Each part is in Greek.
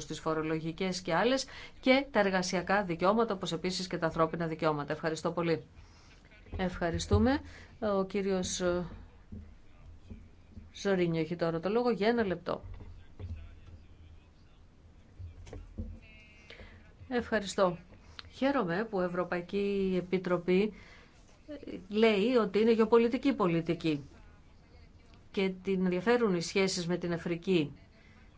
στις φορολογικές και άλλες και τα εργασιακά δικαιώματα όπως επίσης και τα ανθρώπινα δικαιώματα. Ευχαριστώ πολύ. Ευχαριστούμε. Ο κύριος ε, Ζωρίνιο έχει τώρα το λόγο για ένα λεπτό. Ευχαριστώ. Χαίρομαι που η Ευρωπαϊκή Επιτροπή ε, λέει ότι είναι γεωπολιτική πολιτική και την ενδιαφέρουν οι σχέσεις με την Αφρική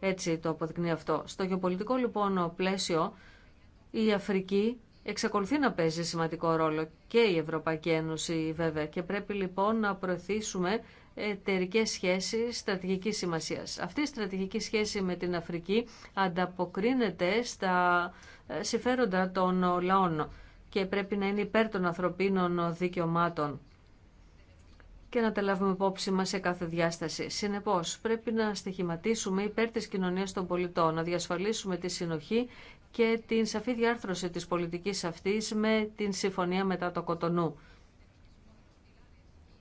έτσι το αποδεικνύει αυτό. Στο γεωπολιτικό λοιπόν πλαίσιο η Αφρική εξακολουθεί να παίζει σημαντικό ρόλο και η Ευρωπαϊκή Ένωση βέβαια και πρέπει λοιπόν να προωθήσουμε εταιρικέ σχέσεις στρατηγικής σημασίας. Αυτή η στρατηγική σχέση με την Αφρική ανταποκρίνεται στα ε, συμφέροντα των λαών και πρέπει να είναι υπέρ των ανθρωπίνων δικαιωμάτων και να τα λάβουμε υπόψη μα σε κάθε διάσταση. Συνεπώς, πρέπει να στοιχηματίσουμε υπέρ τη κοινωνία των πολιτών, να διασφαλίσουμε τη συνοχή και την σαφή διάρθρωση της πολιτικής αυτής με την συμφωνία μετά το Κοτονού,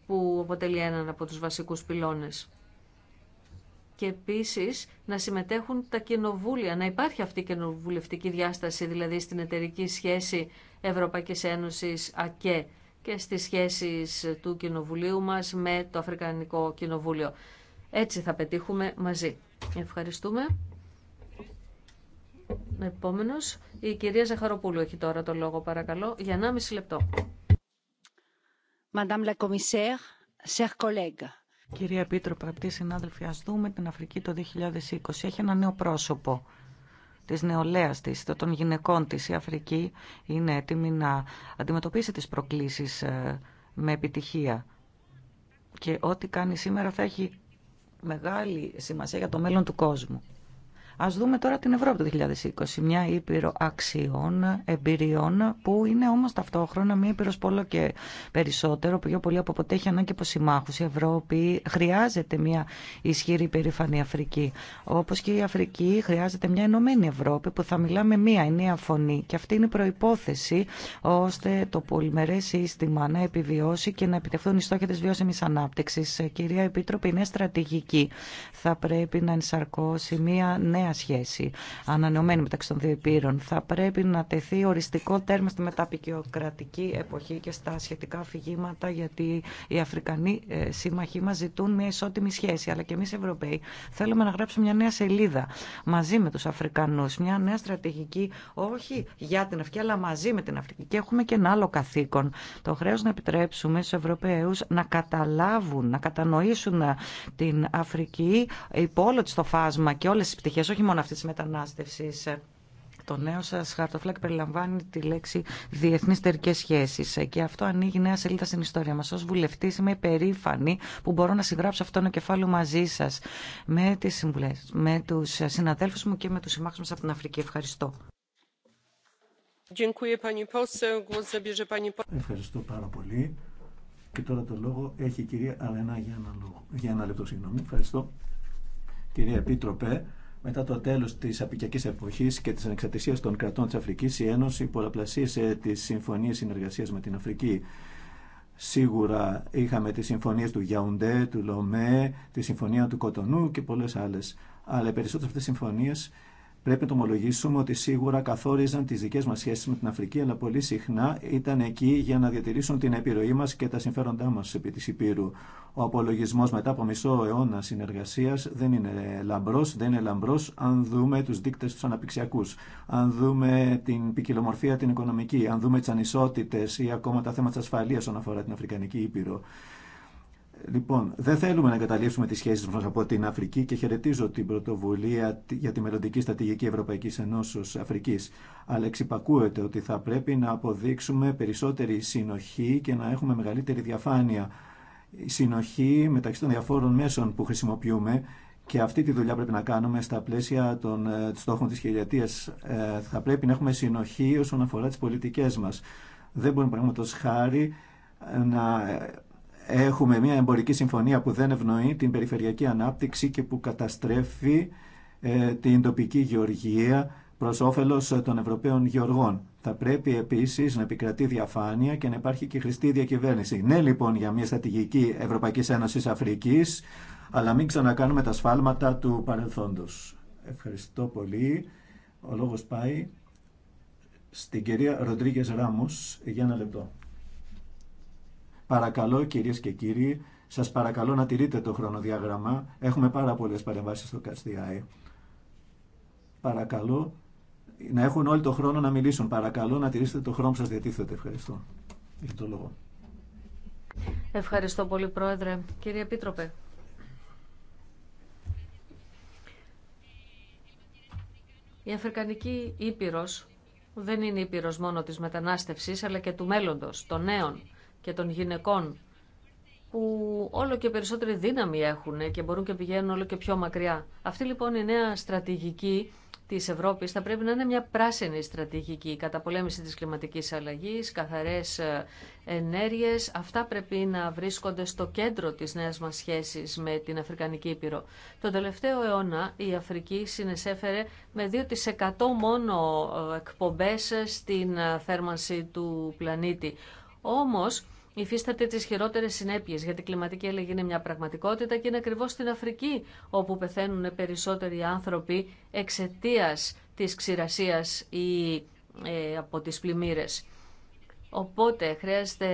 που αποτελεί έναν από τους βασικούς πυλώνες. Και επίσης να συμμετέχουν τα κοινοβούλια, να υπάρχει αυτή η κοινοβουλευτική διάσταση, δηλαδή στην εταιρική σχέση Ευρωπαϊκής Ένωσης ΑΚΕ και στις σχέσεις του Κοινοβουλίου μας με το Αφρικανικό Κοινοβούλιο. Έτσι θα πετύχουμε μαζί. Ευχαριστούμε. Επόμενος, η κυρία Ζαχαροπούλου έχει τώρα το λόγο, παρακαλώ, για 1,5 λεπτό. Madame la commissaire, chers collègues. Κυρία Επίτροπε, αγαπητοί συνάδελφοι, ας δούμε την Αφρική το 2020. Έχει ένα νέο πρόσωπο της νεολαίας της, των γυναικών της. Η Αφρική είναι έτοιμη να αντιμετωπίσει τις προκλήσεις ε, με επιτυχία. Και ό,τι κάνει σήμερα θα έχει μεγάλη σημασία για το μέλλον του κόσμου. Α δούμε τώρα την Ευρώπη το 2020, μια ήπειρο αξιών, εμπειριών, που είναι όμω ταυτόχρονα μια ήπειρο πόλο και περισσότερο, που πιο πολύ από ποτέ έχει ανάγκη από συμμάχου. Η Ευρώπη χρειάζεται μια ισχυρή περήφανη Αφρική, Όπω και η Αφρική χρειάζεται μια ενωμένη Ευρώπη που θα μιλάμε μια ενιαία φωνή. Και αυτή είναι η προπόθεση ώστε το πολυμερέ σύστημα να επιβιώσει και να επιτευχθούν οι στόχοι τη βιώσιμη ανάπτυξη. Κυρία Επίτροπη, είναι στρατηγική. Θα πρέπει να ενσαρκώσει μια νέα νέα σχέση ανανεωμένη μεταξύ των δύο υπήρων. Θα πρέπει να τεθεί οριστικό τέρμα στη μεταπικιοκρατική εποχή και στα σχετικά αφηγήματα γιατί οι Αφρικανοί ε, σύμμαχοί μας ζητούν μια ισότιμη σχέση. Αλλά και εμείς Ευρωπαίοι θέλουμε να γράψουμε μια νέα σελίδα μαζί με τους Αφρικανούς. Μια νέα στρατηγική όχι για την Αφρική αλλά μαζί με την Αφρική. Και έχουμε και ένα άλλο καθήκον. Το χρέο να επιτρέψουμε στους Ευρωπαίους να καταλάβουν, να κατανοήσουν την Αφρική υπό όλο το φάσμα και όλες τις πτυχές όχι μόνο αυτή τη μετανάστευση. Το νέο σα χαρτοφλάκ περιλαμβάνει τη λέξη διεθνεί τερικέ σχέσει. Και αυτό ανοίγει νέα σελίδα στην ιστορία μα. Ω βουλευτή είμαι περήφανη που μπορώ να συγγράψω αυτό το κεφάλαιο μαζί σα με τι συμβουλέ, με του συναδέλφου μου και με του συμμάχου μα από την Αφρική. Ευχαριστώ. Ευχαριστώ πάρα πολύ. Και τώρα το λόγο έχει η κυρία Αλένα για ένα, Για ένα λεπτό. Συγγνώμη. Ευχαριστώ. Κυρία Επίτροπε, μετά το τέλο τη απικιακή εποχή και τη ανεξαρτησία των κρατών τη Αφρική, η Ένωση πολλαπλασίασε τι συμφωνίε συνεργασία με την Αφρική. Σίγουρα είχαμε τι συμφωνίε του Γιαουντέ, του Λομέ, τη συμφωνία του Κοτονού και πολλέ άλλε. Αλλά οι περισσότερε αυτέ συμφωνίε Πρέπει να το ομολογήσουμε ότι σίγουρα καθόριζαν τι δικέ μα σχέσει με την Αφρική, αλλά πολύ συχνά ήταν εκεί για να διατηρήσουν την επιρροή μα και τα συμφέροντά μα επί τη Υπήρου. Ο απολογισμό μετά από μισό αιώνα συνεργασία δεν είναι λαμπρό, δεν είναι λαμπρό αν δούμε του δείκτε του αναπτυξιακού, αν δούμε την ποικιλομορφία την οικονομική, αν δούμε τι ανισότητε ή ακόμα τα θέματα τη ασφαλεία όσον αφορά την Αφρικανική Ήπειρο. Λοιπόν, δεν θέλουμε να εγκαταλείψουμε τι σχέσει μα από την Αφρική και χαιρετίζω την πρωτοβουλία για τη μελλοντική στρατηγική Ευρωπαϊκή Ενώσεω Αφρική. Αλλά εξυπακούεται ότι θα πρέπει να αποδείξουμε περισσότερη συνοχή και να έχουμε μεγαλύτερη διαφάνεια. Η συνοχή μεταξύ των διαφόρων μέσων που χρησιμοποιούμε και αυτή τη δουλειά πρέπει να κάνουμε στα πλαίσια των ε, στόχων της Ε, θα πρέπει να έχουμε συνοχή όσον αφορά τι πολιτικέ μα. Δεν μπορούμε, παραδείγματο χάρη, να Έχουμε μια εμπορική συμφωνία που δεν ευνοεί την περιφερειακή ανάπτυξη και που καταστρέφει ε, την τοπική γεωργία προς όφελος των Ευρωπαίων γεωργών. Θα πρέπει επίσης να επικρατεί διαφάνεια και να υπάρχει και χρηστή διακυβέρνηση. Ναι λοιπόν για μια στρατηγική Ευρωπαϊκής Ένωσης Αφρικής, αλλά μην ξανακάνουμε τα σφάλματα του παρελθόντος. Ευχαριστώ πολύ. Ο λόγος πάει στην κυρία Ροντρίγκες Ράμους για ένα λεπτό. Παρακαλώ κυρίες και κύριοι, σας παρακαλώ να τηρείτε το χρονοδιάγραμμα. Έχουμε πάρα πολλές παρεμβάσεις στο ΚΑΣΤΙΑΕ. Παρακαλώ να έχουν όλοι το χρόνο να μιλήσουν. Παρακαλώ να τηρήσετε το χρόνο που σας διατίθεται. Ευχαριστώ. το λόγο. Ευχαριστώ πολύ Πρόεδρε. Κύριε Επίτροπε. Η Αφρικανική Ήπειρος δεν είναι ήπειρος μόνο της μετανάστευσης αλλά και του μέλλοντος, των νέων και των γυναικών που όλο και περισσότερη δύναμη έχουν και μπορούν και πηγαίνουν όλο και πιο μακριά. Αυτή λοιπόν η νέα στρατηγική της Ευρώπης θα πρέπει να είναι μια πράσινη στρατηγική, πολέμηση της κλιματικής αλλαγής, καθαρές ε, ενέργειες. Αυτά πρέπει να βρίσκονται στο κέντρο της νέας μας σχέσης με την Αφρικανική Ήπειρο. Τον τελευταίο αιώνα η Αφρική συνεσέφερε με 2% μόνο ε, εκπομπές ε, στην θέρμανση του πλανήτη. Όμως υφίσταται τι χειρότερε συνέπειε γιατί η κλιματική αλλαγή είναι μια πραγματικότητα και είναι ακριβώ στην Αφρική όπου πεθαίνουν περισσότεροι άνθρωποι εξαιτία τη ξηρασία Η ε απο τι πλημμύρε. οποτε χρειάζεται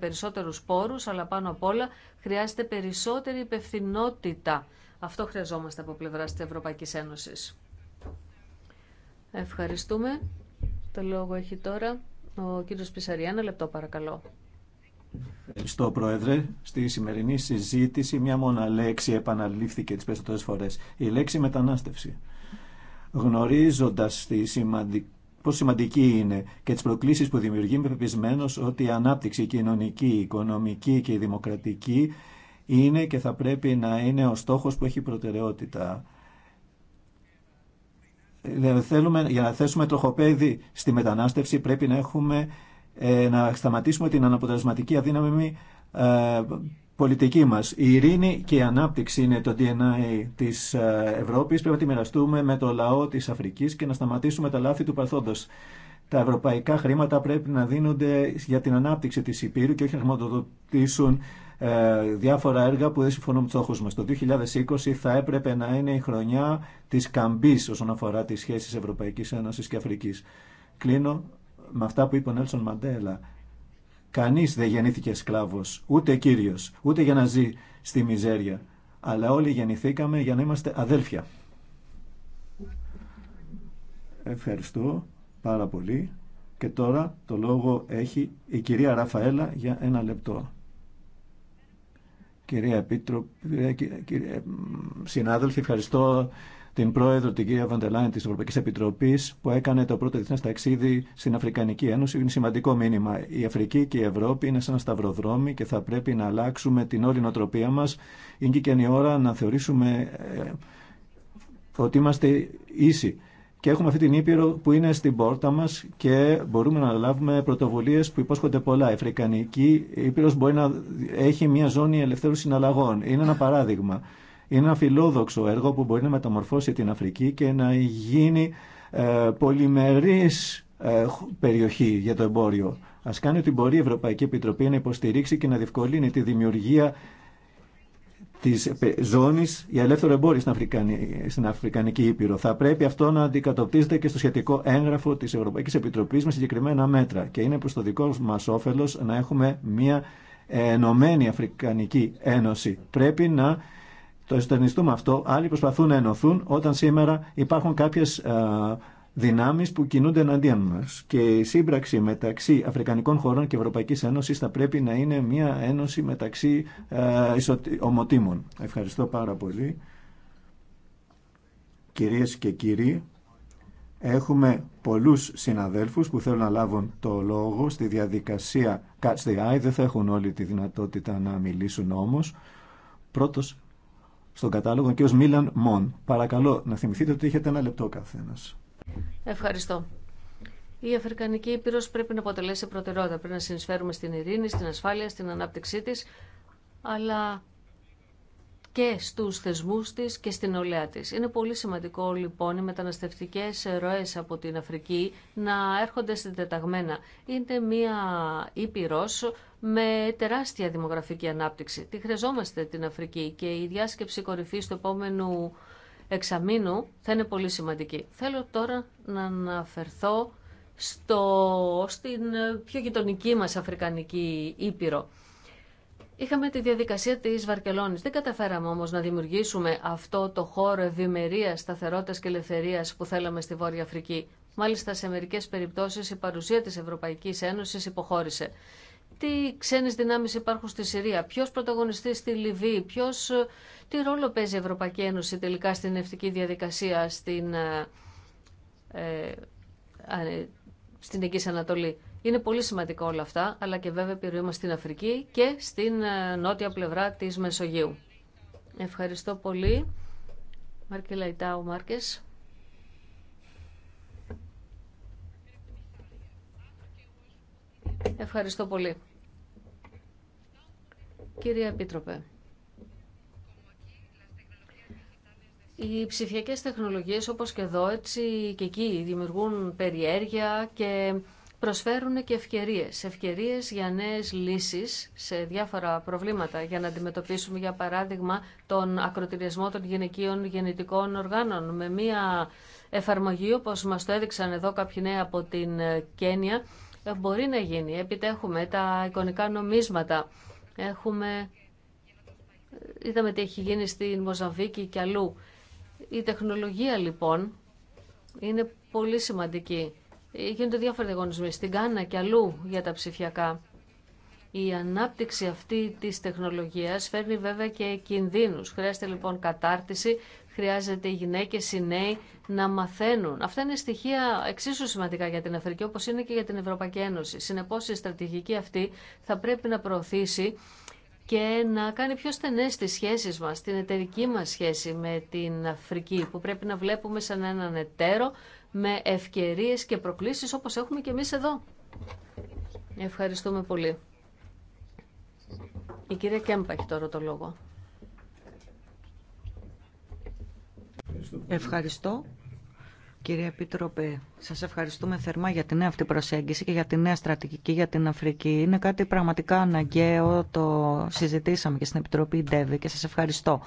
περισσότερους πόρους, αλλά πάνω απ' όλα χρειάζεται περισσότερη υπευθυνότητα αυτό χρειαζόμαστε από πλευρά τη Ευρωπαϊκή Ένωση. Ευχαριστούμε. Το λόγο έχει τώρα ο κύριος Πισαρία. Ένα λεπτό παρακαλώ. Ευχαριστώ Πρόεδρε. Στη σημερινή συζήτηση μια μόνα λέξη επαναλήφθηκε τις περισσότερες φορές. Η λέξη μετανάστευση. Γνωρίζοντα τη σημαντική πόσο σημαντική είναι και τις προκλήσει που δημιουργεί, είμαι ότι η ανάπτυξη η κοινωνική, η οικονομική και η δημοκρατική είναι και θα πρέπει να είναι ο στόχος που έχει προτεραιότητα. Ε, θέλουμε, για να θέσουμε τροχοπέδι στη μετανάστευση πρέπει να, έχουμε, ε, να σταματήσουμε την αναποτελεσματική αδύναμη ε, πολιτική μας. Η ειρήνη και η ανάπτυξη είναι το DNA της Ευρώπης. Πρέπει να τη μοιραστούμε με το λαό της Αφρικής και να σταματήσουμε τα λάθη του παρθόντος. Τα ευρωπαϊκά χρήματα πρέπει να δίνονται για την ανάπτυξη της Υπήρου και όχι να χρηματοδοτήσουν ε, διάφορα έργα που δεν συμφωνούν με του στόχου μα. Το 2020 θα έπρεπε να είναι η χρονιά τη καμπή όσον αφορά τι σχέσει Ευρωπαϊκή Ένωση και Αφρική. Κλείνω με αυτά που είπε ο Νέλσον Μαντέλα. Κανεί δεν γεννήθηκε σκλάβο, ούτε κύριο, ούτε για να ζει στη μιζέρια. Αλλά όλοι γεννηθήκαμε για να είμαστε αδέλφια. Ευχαριστώ πάρα πολύ. Και τώρα το λόγο έχει η κυρία Ραφαέλα για ένα λεπτό. Κυρία επιτροπή, κυρία... συνάδελφοι, ευχαριστώ την πρόεδρο, την κυρία Βαντελάιν τη Ευρωπαϊκή Επιτροπή, που έκανε το πρώτο διεθνέ ταξίδι στην Αφρικανική Ένωση. Είναι σημαντικό μήνυμα. Η Αφρική και η Ευρώπη είναι σαν σταυροδρόμι και θα πρέπει να αλλάξουμε την όλη νοοτροπία μα. Είναι και η ώρα να θεωρήσουμε ε, ότι είμαστε ίσοι και έχουμε αυτή την Ήπειρο που είναι στην πόρτα μα και μπορούμε να λάβουμε πρωτοβουλίε που υπόσχονται πολλά. Η Αφρικανική Ήπειρο μπορεί να έχει μια ζώνη ελευθέρου συναλλαγών. Είναι ένα παράδειγμα. Είναι ένα φιλόδοξο έργο που μπορεί να μεταμορφώσει την Αφρική και να γίνει ε, πολυμερής ε, περιοχή για το εμπόριο. Α κάνει ότι μπορεί η Ευρωπαϊκή Επιτροπή να υποστηρίξει και να διευκολύνει τη δημιουργία Τη ε, ζώνη για ελεύθερο εμπόριο στην, Αφρικανική, στην Αφρικανική Ήπειρο. Θα πρέπει αυτό να αντικατοπτρίζεται και στο σχετικό έγγραφο της Ευρωπαϊκή Επιτροπή με συγκεκριμένα μέτρα και είναι προ το δικό μας όφελος να έχουμε μια ενωμένη Αφρικανική Ένωση. Πρέπει να το εστερνιστούμε αυτό. Άλλοι προσπαθούν να ενωθούν όταν σήμερα υπάρχουν κάποιε. Ε, δυνάμεις που κινούνται εναντίον μα. Και η σύμπραξη μεταξύ Αφρικανικών χωρών και Ευρωπαϊκής Ένωσης θα πρέπει να είναι μια ένωση μεταξύ ε, ομοτήμων. Ευχαριστώ πάρα πολύ. Κυρίες και κύριοι, έχουμε πολλούς συναδέλφους που θέλουν να λάβουν το λόγο στη διαδικασία Catch the Eye. Δεν θα έχουν όλη τη δυνατότητα να μιλήσουν όμω. Πρώτο, στον κατάλογο ο ω Μίλαν Μον. Παρακαλώ να θυμηθείτε ότι έχετε ένα λεπτό καθένας. Ευχαριστώ. Η Αφρικανική Ήπειρο πρέπει να αποτελέσει προτεραιότητα. Πρέπει να συνεισφέρουμε στην ειρήνη, στην ασφάλεια, στην ανάπτυξή τη, αλλά και στους θεσμούς τη και στην ολέα τη. Είναι πολύ σημαντικό λοιπόν οι μεταναστευτικέ ροέ από την Αφρική να έρχονται συντεταγμένα. Είναι μια ήπειρο με τεράστια δημογραφική ανάπτυξη. Τη χρειαζόμαστε την Αφρική και η διάσκεψη κορυφή του επόμενου εξαμήνου θα είναι πολύ σημαντική. Θέλω τώρα να αναφερθώ στο, στην ε, πιο γειτονική μας Αφρικανική Ήπειρο. Είχαμε τη διαδικασία της Βαρκελόνης. Δεν καταφέραμε όμως να δημιουργήσουμε αυτό το χώρο ευημερία, σταθερότητας και ελευθερίας που θέλαμε στη Βόρεια Αφρική. Μάλιστα σε μερικές περιπτώσεις η παρουσία της Ευρωπαϊκής Ένωσης υποχώρησε. Τι ξένες δυνάμεις υπάρχουν στη Συρία, ποιος πρωταγωνιστεί στη Λιβύη, ποιος ε, τι ρόλο παίζει η Ευρωπαϊκή Ένωση τελικά στην ευτική διαδικασία στην, ε, ε, ε στην Ανατολή. Είναι πολύ σημαντικό όλα αυτά, αλλά και βέβαια επιρροή στην Αφρική και στην ε, νότια πλευρά της Μεσογείου. Ευχαριστώ πολύ. Μάρκε Μάρκες. Ευχαριστώ πολύ. Κύριε Επίτροπε. Οι ψηφιακές τεχνολογίες όπως και εδώ έτσι και εκεί δημιουργούν περιέργεια και προσφέρουν και ευκαιρίες. Ευκαιρίες για νέες λύσεις σε διάφορα προβλήματα για να αντιμετωπίσουμε για παράδειγμα τον ακροτηριασμό των γυναικείων γεννητικών οργάνων με μία εφαρμογή όπως μας το έδειξαν εδώ κάποιοι νέοι από την Κένια μπορεί να γίνει. Επιτέχουμε τα εικονικά νομίσματα. Έχουμε... Είδαμε τι έχει γίνει στην Μοζαβίκη και αλλού. Η τεχνολογία λοιπόν είναι πολύ σημαντική. Γίνονται διάφοροι διαγωνισμοί στην Κάνα και αλλού για τα ψηφιακά. Η ανάπτυξη αυτή της τεχνολογίας φέρνει βέβαια και κινδύνους. Χρειάζεται λοιπόν κατάρτιση, χρειάζεται οι γυναίκες, οι νέοι να μαθαίνουν. Αυτά είναι στοιχεία εξίσου σημαντικά για την Αφρική όπως είναι και για την Ευρωπαϊκή Ένωση. Συνεπώς η στρατηγική αυτή θα πρέπει να προωθήσει και να κάνει πιο στενές τις σχέσεις μας, την εταιρική μας σχέση με την Αφρική, που πρέπει να βλέπουμε σαν έναν εταίρο με ευκαιρίες και προκλήσεις όπως έχουμε και εμείς εδώ. Ευχαριστούμε πολύ. Η κυρία Κέμπα έχει τώρα το λόγο. Ευχαριστώ. Κύριε Επίτροπε, σας ευχαριστούμε θερμά για την νέα αυτή προσέγγιση και για τη νέα στρατηγική για την Αφρική. Είναι κάτι πραγματικά αναγκαίο, το συζητήσαμε και στην Επιτροπή ΝΤΕΒΗ και σας ευχαριστώ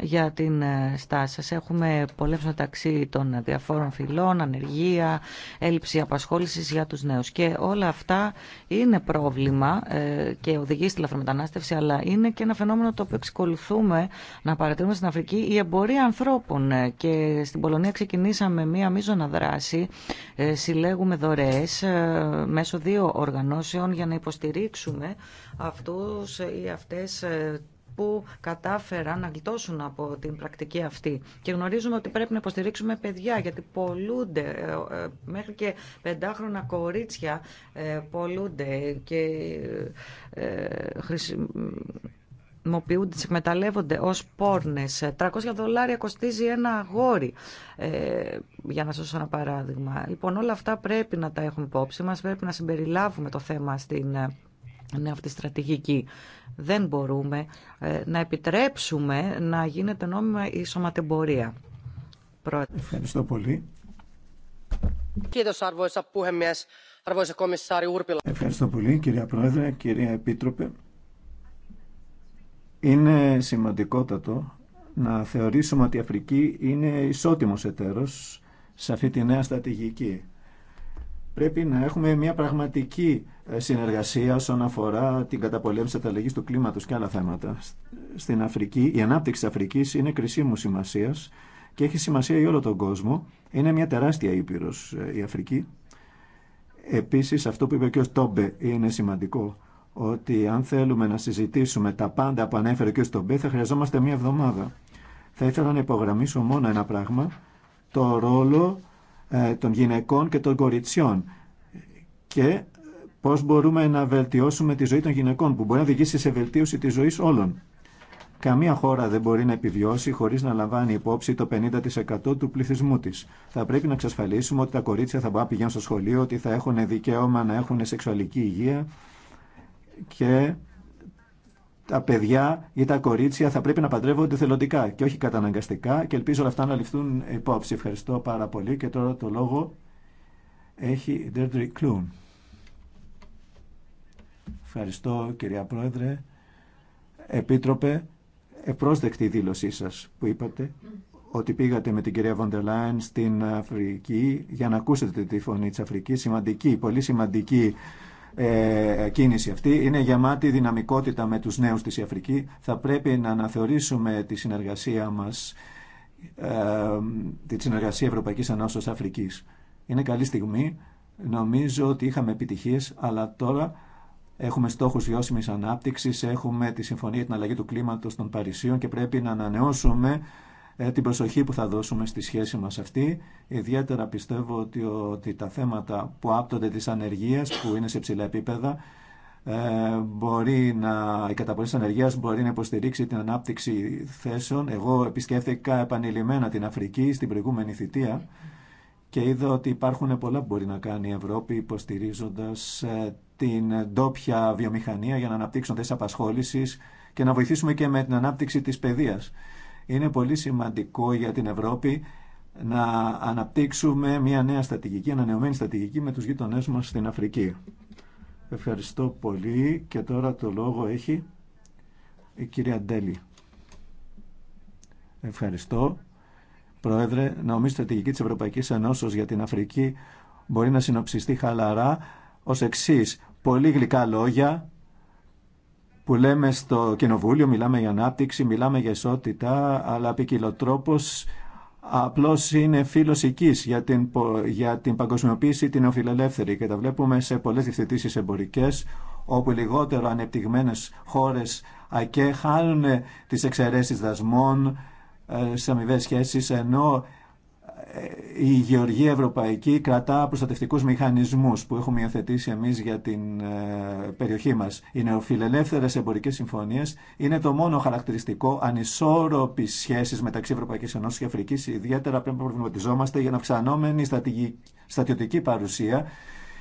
για την ε, στάση σας. Έχουμε πολλές μεταξύ των διαφόρων φυλών, ανεργία, έλλειψη απασχόλησης για τους νέους. Και όλα αυτά είναι πρόβλημα ε, και οδηγεί στη λαφρομετανάστευση, αλλά είναι και ένα φαινόμενο το οποίο εξυκολουθούμε να παρατηρούμε στην Αφρική, η εμπορία ανθρώπων. Ε, και στην Πολωνία ξεκινήσαμε μία μείζωνα δράση. Συλλέγουμε δωρεές μέσω δύο οργανώσεων για να υποστηρίξουμε αυτούς ή αυτές που κατάφεραν να γλιτώσουν από την πρακτική αυτή. Και γνωρίζουμε ότι πρέπει να υποστηρίξουμε παιδιά, γιατί πολλούνται, ε, ε, μέχρι και πεντάχρονα κορίτσια ε, πολλούνται και χρησιμοποιούνται, τις εκμεταλλεύονται ως πόρνες. 300 δολάρια κοστίζει ένα αγόρι, ε, για να σας ένα παράδειγμα. Λοιπόν, όλα αυτά πρέπει να τα έχουμε υπόψη μας, πρέπει να συμπεριλάβουμε το θέμα στην είναι αυτή η στρατηγική. Δεν μπορούμε ε, να επιτρέψουμε να γίνεται νόμιμα η σωματεμπορία. Ευχαριστώ πολύ. Ευχαριστώ πολύ κυρία Πρόεδρε, κυρία Επίτροπε. Είναι σημαντικότατο να θεωρήσουμε ότι η Αφρική είναι ισότιμος εταίρος σε αυτή τη νέα στρατηγική. Πρέπει να έχουμε μια πραγματική ε, συνεργασία όσον αφορά την καταπολέμηση της του κλίματος και άλλα θέματα. Στην Αφρική, η ανάπτυξη της Αφρικής είναι κρισίμου σημασίας και έχει σημασία για όλο τον κόσμο. Είναι μια τεράστια ήπειρος ε, η Αφρική. Επίσης, αυτό που είπε και ο Τόμπε είναι σημαντικό, ότι αν θέλουμε να συζητήσουμε τα πάντα που ανέφερε και ο Τόμπε, θα χρειαζόμαστε μια εβδομάδα. Θα ήθελα να υπογραμμίσω μόνο ένα πράγμα, το ρόλο ε, των γυναικών και των κοριτσιών και ε, πώς μπορούμε να βελτιώσουμε τη ζωή των γυναικών που μπορεί να οδηγήσει σε βελτίωση της ζωής όλων. Καμία χώρα δεν μπορεί να επιβιώσει χωρί να λαμβάνει υπόψη το 50% του πληθυσμού τη. Θα πρέπει να εξασφαλίσουμε ότι τα κορίτσια θα μπορούν να πηγαίνουν στο σχολείο, ότι θα έχουν δικαίωμα να έχουν σεξουαλική υγεία και τα παιδιά ή τα κορίτσια θα πρέπει να παντρεύονται θελοντικά και όχι καταναγκαστικά και ελπίζω όλα αυτά να ληφθούν υπόψη. Ευχαριστώ πάρα πολύ και τώρα το λόγο έχει η Ντέρτρι Κλούν. Ευχαριστώ κυρία Πρόεδρε. Επίτροπε, επρόσδεκτη η κλουν ευχαριστω κυρια προεδρε επιτροπε επροσδεκτη δηλωση σας που είπατε ότι πήγατε με την κυρία Βοντελάιν στην Αφρική για να ακούσετε τη φωνή της Αφρικής. Σημαντική, πολύ σημαντική ε, κίνηση αυτή. Είναι γεμάτη δυναμικότητα με τους νέους της Αφρική. Θα πρέπει να αναθεωρήσουμε τη συνεργασία μας, ε, τη συνεργασία Ευρωπαϊκής Ενώσεως Αφρικής. Είναι καλή στιγμή. Νομίζω ότι είχαμε επιτυχίες, αλλά τώρα έχουμε στόχους βιώσιμης ανάπτυξης, έχουμε τη Συμφωνία για την Αλλαγή του Κλίματος των Παρισίων και πρέπει να ανανεώσουμε ε, την προσοχή που θα δώσουμε στη σχέση μας αυτή. Ιδιαίτερα πιστεύω ότι, ότι τα θέματα που άπτονται της ανεργίας, που είναι σε ψηλά επίπεδα, ε, μπορεί να, η καταπολέμηση της ανεργίας μπορεί να υποστηρίξει την ανάπτυξη θέσεων. Εγώ επισκέφθηκα επανειλημμένα την Αφρική στην προηγούμενη θητεία και είδα ότι υπάρχουν πολλά που μπορεί να κάνει η Ευρώπη υποστηρίζοντας ε, την ντόπια βιομηχανία για να αναπτύξουν θέσεις απασχόλησης και να βοηθήσουμε και με την ανάπτυξη της παιδείας. Είναι πολύ σημαντικό για την Ευρώπη να αναπτύξουμε μια νέα στρατηγική, ανανεωμένη στρατηγική με τους γείτονές μας στην Αφρική. Ευχαριστώ πολύ και τώρα το λόγο έχει η κυρία Ντέλη. Ευχαριστώ. Πρόεδρε, νομίζω η στρατηγική της Ευρωπαϊκής Ενώσεως για την Αφρική μπορεί να συνοψιστεί χαλαρά ως εξής. Πολύ γλυκά λόγια, που λέμε στο Κοινοβούλιο, μιλάμε για ανάπτυξη, μιλάμε για ισότητα, αλλά ποικιλοτρόπος απλώς είναι φίλος για την, για την παγκοσμιοποίηση την οφειλελεύθερη και τα βλέπουμε σε πολλές διευθετήσεις εμπορικές όπου λιγότερο ανεπτυγμένες χώρες ΑΚΕ χάνουν τις εξαιρέσεις δασμών ε, σε αμοιβέ σχέσεις ενώ η γεωργία ευρωπαϊκή κρατά προστατευτικούς μηχανισμούς που έχουμε υιοθετήσει εμείς για την ε, περιοχή μας. Οι νεοφιλελεύθερες εμπορικές συμφωνίες είναι το μόνο χαρακτηριστικό ανισόρροπης σχέσης μεταξύ Ευρωπαϊκής Ενώσης και Αφρικής. Ιδιαίτερα πρέπει να προβληματιζόμαστε για να αυξανόμενη στατιωτική παρουσία,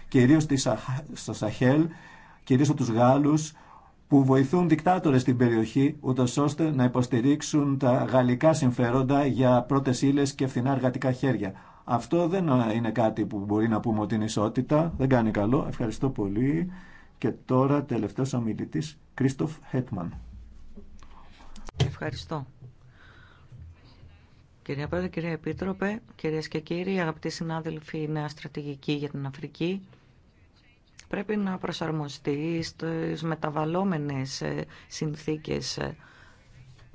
κυρίως στο Σαχέλ, κυρίως από τους Γάλλους, που βοηθούν δικτάτορες στην περιοχή, ούτω ώστε να υποστηρίξουν τα γαλλικά συμφέροντα για πρώτε ύλε και φθηνά εργατικά χέρια. Αυτό δεν είναι κάτι που μπορεί να πούμε ότι είναι ισότητα, δεν κάνει καλό. Ευχαριστώ πολύ. Και τώρα τελευταίος ομιλητής, Κρίστοφ Χέτμαν. Ευχαριστώ. Κυρία Πρόεδρε, κυρία Επίτροπε, κυρίες και κύριοι, αγαπητοί συνάδελφοι, η νέα στρατηγική για την Αφρική πρέπει να προσαρμοστεί στις μεταβαλλόμενες ε, συνθήκες ε,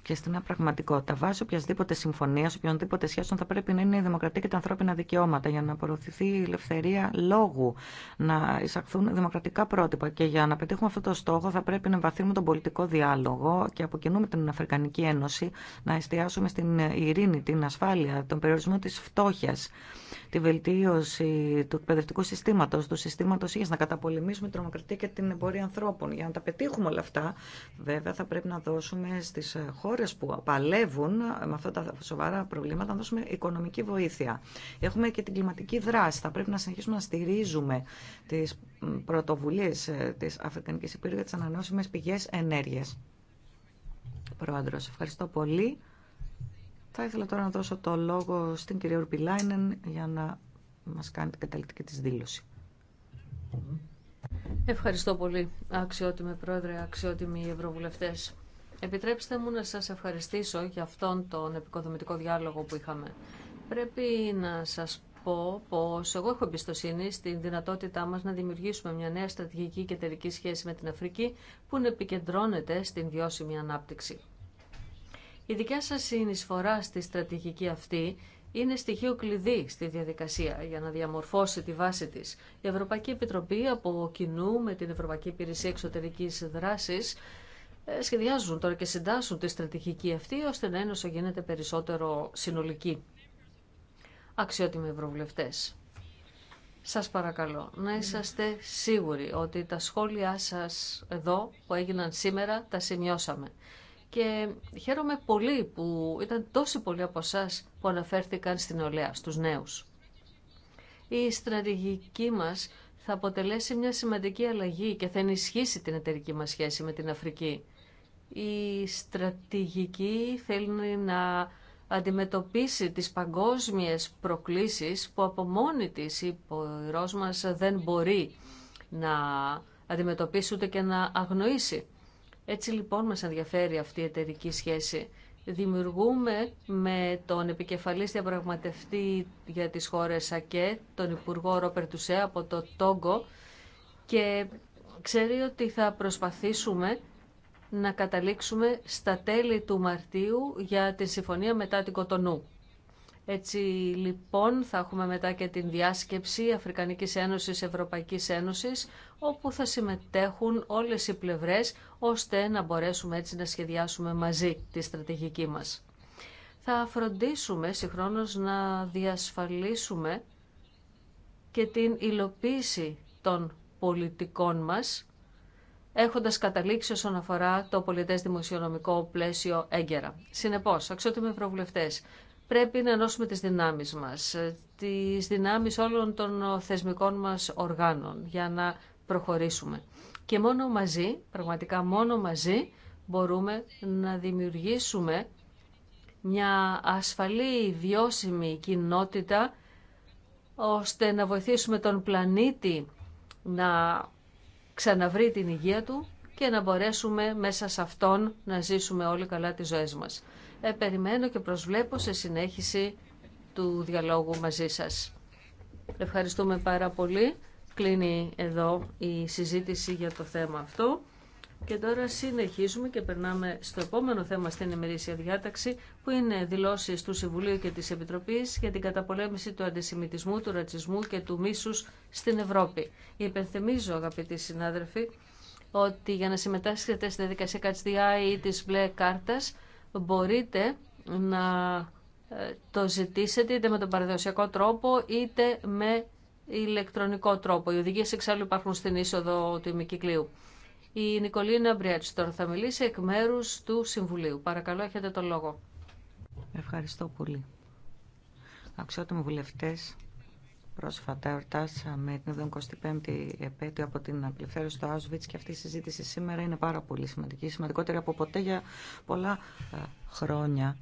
και στην πραγματικότητα. Βάσει οποιασδήποτε συμφωνία, οποιονδήποτε σχέσεων θα πρέπει να είναι η δημοκρατία και τα ανθρώπινα δικαιώματα για να προωθηθεί η ελευθερία λόγου, να εισαχθούν δημοκρατικά πρότυπα. Και για να πετύχουμε αυτό το στόχο θα πρέπει να βαθύνουμε τον πολιτικό διάλογο και από την Αφρικανική Ένωση να εστιάσουμε στην ειρήνη, την ασφάλεια, τον περιορισμό τη φτώχεια τη βελτίωση του εκπαιδευτικού συστήματο, του συστήματο υγεία, να καταπολεμήσουμε την τρομοκρατία και την εμπορία ανθρώπων. Για να τα πετύχουμε όλα αυτά, βέβαια, θα πρέπει να δώσουμε στι χώρε που παλεύουν με αυτά τα σοβαρά προβλήματα, να δώσουμε οικονομική βοήθεια. Έχουμε και την κλιματική δράση. Θα πρέπει να συνεχίσουμε να στηρίζουμε τι πρωτοβουλίε τη Αφρικανική Υπήρου για τι ανανεώσιμε πηγέ ενέργεια. Πρόεδρος, ευχαριστώ πολύ. Θα ήθελα τώρα να δώσω το λόγο στην κυρία Ουρπιλάινεν για να μας κάνει την καταλητική της δήλωση. Ευχαριστώ πολύ, αξιότιμε πρόεδρε, αξιότιμοι ευρωβουλευτές. Επιτρέψτε μου να σας ευχαριστήσω για αυτόν τον επικοδομητικό διάλογο που είχαμε. Πρέπει να σας πω πως εγώ έχω εμπιστοσύνη στην δυνατότητά μας να δημιουργήσουμε μια νέα στρατηγική και εταιρική σχέση με την Αφρική που επικεντρώνεται στην βιώσιμη ανάπτυξη. Η δικιά σα συνεισφορά στη στρατηγική αυτή είναι στοιχείο κλειδί στη διαδικασία για να διαμορφώσει τη βάση της. Η Ευρωπαϊκή Επιτροπή από κοινού με την Ευρωπαϊκή Υπηρεσία Εξωτερικής Δράσης ε, σχεδιάζουν τώρα και συντάσσουν τη στρατηγική αυτή ώστε να είναι γίνεται περισσότερο συνολική. Αξιότιμοι ευρωβουλευτέ. σας παρακαλώ να είσαστε σίγουροι ότι τα σχόλιά σας εδώ που έγιναν σήμερα τα σημειώσαμε και χαίρομαι πολύ που ήταν τόσοι πολλοί από εσά που αναφέρθηκαν στην ολέα, στους νέους. Η στρατηγική μας θα αποτελέσει μια σημαντική αλλαγή και θα ενισχύσει την εταιρική μας σχέση με την Αφρική. Η στρατηγική θέλει να αντιμετωπίσει τις παγκόσμιες προκλήσεις που από μόνη της η μας δεν μπορεί να αντιμετωπίσει και να αγνοήσει. Έτσι λοιπόν μας ενδιαφέρει αυτή η εταιρική σχέση. Δημιουργούμε με τον επικεφαλής διαπραγματευτή για τις χώρες ΑΚΕ, τον Υπουργό Ρόπερ Τουσέ από το Τόγκο και ξέρει ότι θα προσπαθήσουμε να καταλήξουμε στα τέλη του Μαρτίου για τη συμφωνία μετά την Κοτονού. Έτσι λοιπόν θα έχουμε μετά και την διάσκεψη Αφρικανικής Ένωσης Ευρωπαϊκής Ένωσης όπου θα συμμετέχουν όλες οι πλευρές ώστε να μπορέσουμε έτσι να σχεδιάσουμε μαζί τη στρατηγική μας. Θα φροντίσουμε συγχρόνως να διασφαλίσουμε και την υλοποίηση των πολιτικών μας έχοντας καταλήξει όσον αφορά το πολιτές δημοσιονομικό πλαίσιο έγκαιρα. Συνεπώς, αξιότιμοι προβουλευτές, πρέπει να ενώσουμε τις δυνάμεις μας, ε, τις δυνάμεις όλων των θεσμικών μας οργάνων για να προχωρήσουμε. Και μόνο μαζί, πραγματικά μόνο μαζί, μπορούμε να δημιουργήσουμε μια ασφαλή, βιώσιμη κοινότητα, ώστε να βοηθήσουμε τον πλανήτη να ξαναβρει την υγεία του και να μπορέσουμε μέσα σε αυτόν να ζήσουμε όλοι καλά τις ζωές μας. Ε, περιμένω και προσβλέπω σε συνέχιση του διαλόγου μαζί σας. Ευχαριστούμε πάρα πολύ. Κλείνει εδώ η συζήτηση για το θέμα αυτό. Και τώρα συνεχίζουμε και περνάμε στο επόμενο θέμα στην ημερήσια διάταξη, που είναι δηλώσει του Συμβουλίου και της Επιτροπής για την καταπολέμηση του αντισημιτισμού, του ρατσισμού και του μίσους στην Ευρώπη. Υπενθυμίζω, αγαπητοί συνάδελφοι, ότι για να συμμετάσχετε στη διαδικασία ΚΑΤΣΔΙ ή τη μπλε κάρτα, μπορείτε να ε, το ζητήσετε είτε με τον παραδοσιακό τρόπο είτε με ηλεκτρονικό τρόπο. Οι οδηγίες εξάλλου υπάρχουν στην είσοδο του ημικυκλίου. Η Νικολίνα Μπριάτση τώρα θα μιλήσει εκ μέρου του Συμβουλίου. Παρακαλώ, έχετε το λόγο. Ευχαριστώ πολύ. Αξιότιμοι βουλευτές, Πρόσφατα εορτάσαμε την 25η επέτειο από την Απληφθέρωση στο Άζουβιτς και αυτή η επέτειο από την απελευθέρωση του Auschwitz και αυτή η συζήτηση σήμερα είναι πάρα πολύ σημαντική, σημαντικότερη από ποτέ για πολλά ε, χρόνια.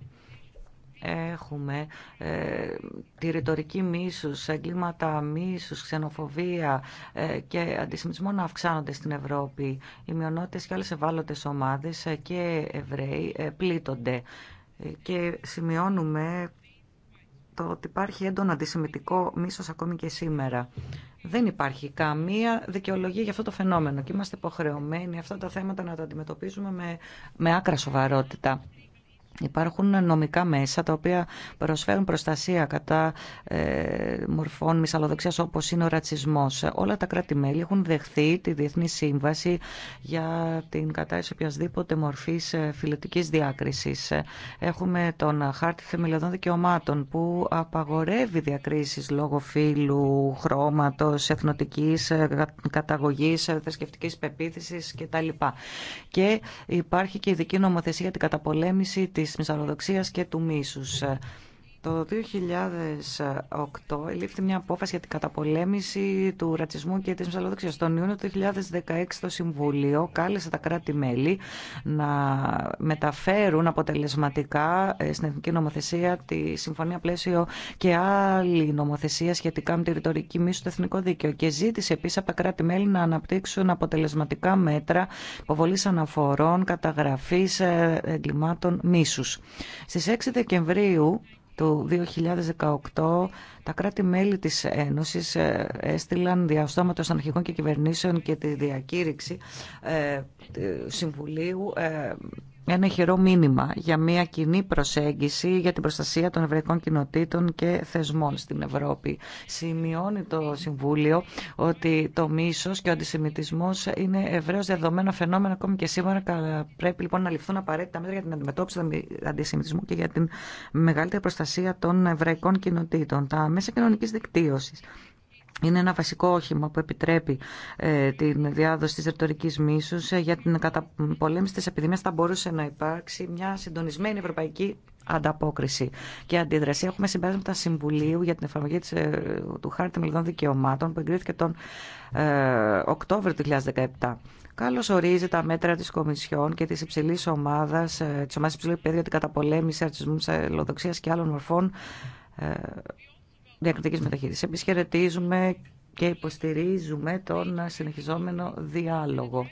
Έχουμε ε, τη ρητορική μίσους, εγκλήματα μίσους, ξενοφοβία ε, και αντισημισμό να αυξάνονται στην Ευρώπη. Οι μειονότητες και άλλες ευάλωτες ομάδες ε, και Εβραίοι πλήττονται και σημειώνουμε το ότι υπάρχει έντονο αντισημιτικό μίσος ακόμη και σήμερα. Δεν υπάρχει καμία δικαιολογία για αυτό το φαινόμενο και είμαστε υποχρεωμένοι αυτά τα θέματα να τα αντιμετωπίζουμε με, με άκρα σοβαρότητα. Υπάρχουν νομικά μέσα τα οποία προσφέρουν προστασία κατά ε, μορφών μυσαλλοδοξίας όπως είναι ο ρατσισμός. Όλα τα κράτη-μέλη έχουν δεχθεί τη Διεθνή Σύμβαση για την κατάρριση οποιασδήποτε μορφής ε, φιλετική διάκρισης. Έχουμε τον Χάρτη Θεμελιωδών Δικαιωμάτων που απαγορεύει διακρίσεις λόγω φύλου, χρώματος, εθνοτικής ε, καταγωγής, ε, θρησκευτικής πεποίθησης κτλ. Και υπάρχει και ειδική νομοθεσία για την καταπολέμηση της της μυσαλλοδοξίας και του μίσους. Το 2008 ελήφθη μια απόφαση για την καταπολέμηση του ρατσισμού και της μυσαλλοδοξίας. Στον Ιούνιο του 2016 το Συμβούλιο κάλεσε τα κράτη-μέλη να μεταφέρουν αποτελεσματικά ε, στην Εθνική Νομοθεσία τη Συμφωνία Πλαίσιο και άλλη νομοθεσία σχετικά με τη ρητορική μίσου στο Εθνικό Δίκαιο και ζήτησε επίση από τα κράτη-μέλη να αναπτύξουν αποτελεσματικά μέτρα υποβολή αναφορών, καταγραφή ε, εγκλημάτων μίσου. Στι 6 Δεκεμβρίου το 2018 τα κράτη-μέλη τη Ένωση ε, έστειλαν διαστόματος των αρχικών και κυβερνήσεων και τη διακήρυξη ε, του Συμβουλίου ε, ένα χειρό μήνυμα για μια κοινή προσέγγιση για την προστασία των ευρωπαϊκών κοινοτήτων και θεσμών στην Ευρώπη. Σημειώνει το Συμβούλιο ότι το μίσος και ο αντισημιτισμός είναι ευρέως δεδομένο φαινόμενο ακόμη και σήμερα. Πρέπει λοιπόν να ληφθούν απαραίτητα μέτρα για την αντιμετώπιση του αντισημιτισμού και για την μεγαλύτερη προστασία των ευρωπαϊκών κοινοτήτων. Τα μέσα κοινωνική δικτύωση. Είναι ένα βασικό όχημα που επιτρέπει ε, την διάδοση της ρητορικής μίσους ε, για την καταπολέμηση της επιδημίας θα μπορούσε να υπάρξει μια συντονισμένη ευρωπαϊκή ανταπόκριση και αντίδραση. Έχουμε συμπέρασματα Συμβουλίου για την εφαρμογή ε, του Χάρτη Μελλονδικαιωμάτων Δικαιωμάτων που εγκρίθηκε τον ε, Οκτώβριο του 2017. Καλώ ορίζει τα μέτρα τη Κομισιόν και τη υψηλή ομάδας, της ομάδα υψηλού επίπεδου για την καταπολέμηση αρτισμού, αλλοδοξία και άλλων μορφών διακριτικής μεταχείρισης. Εμεί και υποστηρίζουμε τον συνεχιζόμενο διάλογο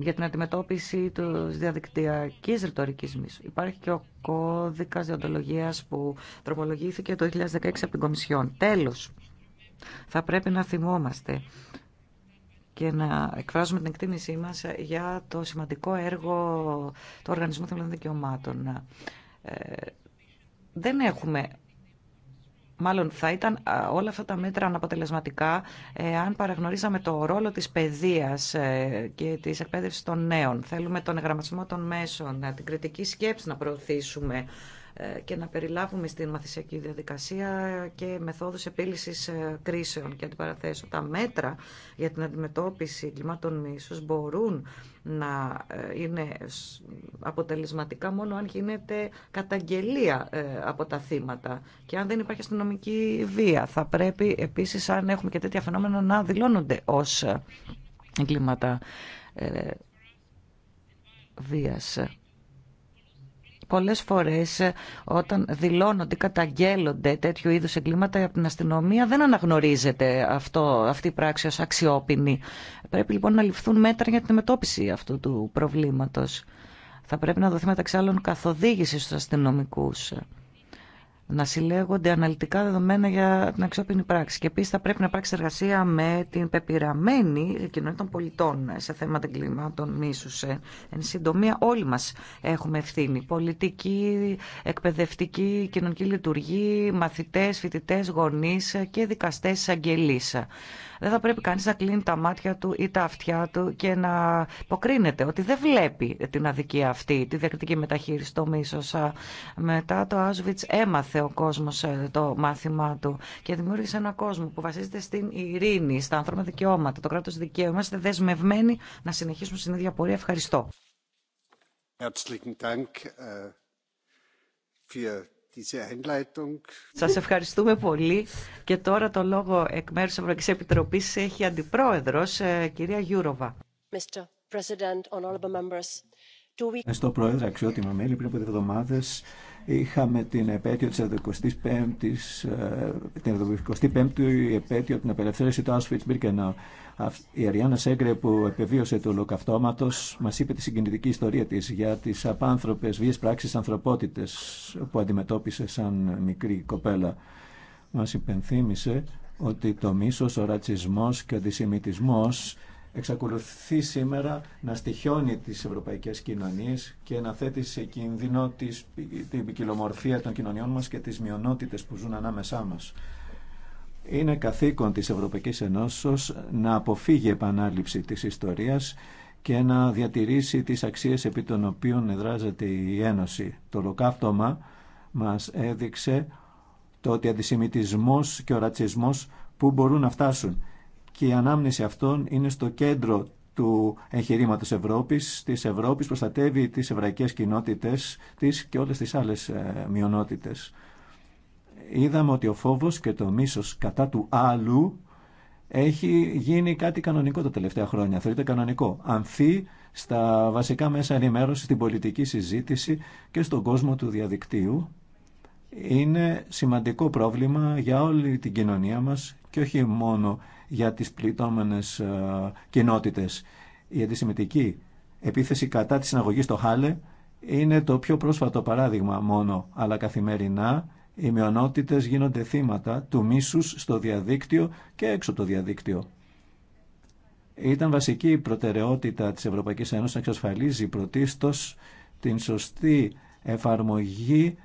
για την αντιμετώπιση της διαδικτυακής ρητορικής μίσου. Υπάρχει και ο κώδικας διοντολογίας που τροπολογήθηκε το 2016 από την Κομισιόν. Τέλος, θα πρέπει να θυμόμαστε και να εκφράζουμε την εκτίμησή μας για το σημαντικό έργο του Οργανισμού Θεμελιών Δικαιωμάτων. Ε, δεν έχουμε Μάλλον θα ήταν όλα αυτά τα μέτρα αναποτελεσματικά αν παραγνωρίζαμε το ρόλο της παιδείας ε, και της εκπαίδευσης των νέων. Θέλουμε τον εγγραμματισμό των μέσων, την κριτική σκέψη να προωθήσουμε ε, και να περιλάβουμε στην μαθησιακή διαδικασία και μεθόδους επίλυσης ε, κρίσεων και αντιπαραθέσεων. Τα μέτρα για την αντιμετώπιση κλιμάτων μίσους μπορούν να ε, είναι αποτελεσματικά μόνο αν γίνεται καταγγελία από τα θύματα και αν δεν υπάρχει αστυνομική βία. Θα πρέπει επίσης αν έχουμε και τέτοια φαινόμενα να δηλώνονται ως εγκλήματα βίας. Πολλές φορές ε, όταν δηλώνονται, καταγγέλλονται τέτοιου είδους εγκλήματα από την αστυνομία δεν αναγνωρίζεται αυτό, αυτή η πράξη ως αξιόπινη. Πρέπει λοιπόν να ληφθούν μέτρα για την μετώπιση αυτού του προβλήματος. Θα πρέπει να δοθεί μεταξύ άλλων καθοδήγηση στους αστυνομικούς να συλλέγονται αναλυτικά δεδομένα για την αξιόπινη πράξη. Και επίση θα πρέπει να υπάρξει εργασία με την πεπειραμένη κοινωνία των πολιτών σε θέματα εγκλημάτων μίσου. Ε, εν συντομία, όλοι μα έχουμε ευθύνη. Πολιτική, εκπαιδευτική, κοινωνική λειτουργή, μαθητέ, φοιτητέ, γονεί και δικαστέ εισαγγελίε δεν θα πρέπει κανείς να κλείνει τα μάτια του ή τα αυτιά του και να υποκρίνεται ότι δεν βλέπει την αδικία αυτή, τη διακριτική μεταχείριση, το μίσος. Μετά το Άσβιτς έμαθε ο κόσμος ε, το μάθημά του και δημιούργησε ένα κόσμο που βασίζεται στην ειρήνη, στα ανθρώπινα δικαιώματα, το κράτος δικαίου. Είμαστε δεσμευμένοι να συνεχίσουμε στην ίδια πορεία. Ευχαριστώ. Äh, σας ευχαριστούμε πολύ και τώρα το λόγο εκ μέρους της Ευρωπαϊκής Επιτροπής έχει αντιπρόεδρος, ε, κυρία Γιούροβα. Ευχαριστώ, Πρόεδρε. Αξιότιμα μέλη, πριν από δύο εβδομάδε Είχαμε την επέτειο της 25 ης ε, την 25 η επέτειο την απελευθέρωση του Auschwitz Birkenau. Η Αριάννα Σέγκρε που επεβίωσε το ολοκαυτώματος μας είπε τη συγκινητική ιστορία της για τις απάνθρωπες βίες πράξεις ανθρωπότητες που αντιμετώπισε σαν μικρή κοπέλα. Μας υπενθύμησε ότι το μίσος, ο ρατσισμός και ο αντισημιτισμός εξακολουθεί σήμερα να στοιχιώνει τις ευρωπαϊκές κοινωνίες και να θέτει σε κίνδυνο της, την ποικιλομορφία των κοινωνιών μας και τις μειονότητες που ζουν ανάμεσά μας. Είναι καθήκον της Ευρωπαϊκής Ενώσεως να αποφύγει επανάληψη της ιστορίας και να διατηρήσει τις αξίες επί των οποίων εδράζεται η Ένωση. Το ολοκαύτωμα μας έδειξε το ότι αντισημιτισμός και ο ρατσισμός που μπορούν να φτάσουν και η ανάμνηση αυτών είναι στο κέντρο του εγχειρήματο Ευρώπη, τη Ευρώπη, προστατεύει τι εβραϊκέ κοινότητε τη και όλε τι άλλε μειονότητε. Είδαμε ότι ο φόβο και το μίσο κατά του άλλου έχει γίνει κάτι κανονικό τα τελευταία χρόνια. Θεωρείται κανονικό. Ανθεί στα βασικά μέσα ενημέρωση, στην πολιτική συζήτηση και στον κόσμο του διαδικτύου. Είναι σημαντικό πρόβλημα για όλη την κοινωνία μας και όχι μόνο για τις πληττόμενες ε, κοινότητες. Η αντισημιτική επίθεση κατά τη συναγωγή στο Χάλε είναι το πιο πρόσφατο παράδειγμα μόνο, αλλά καθημερινά οι μειονότητες γίνονται θύματα του μίσους στο διαδίκτυο και έξω το διαδίκτυο. Ήταν βασική η προτεραιότητα της Ευρωπαϊκής Ένωσης να εξασφαλίζει πρωτίστως την σωστή εφαρμογή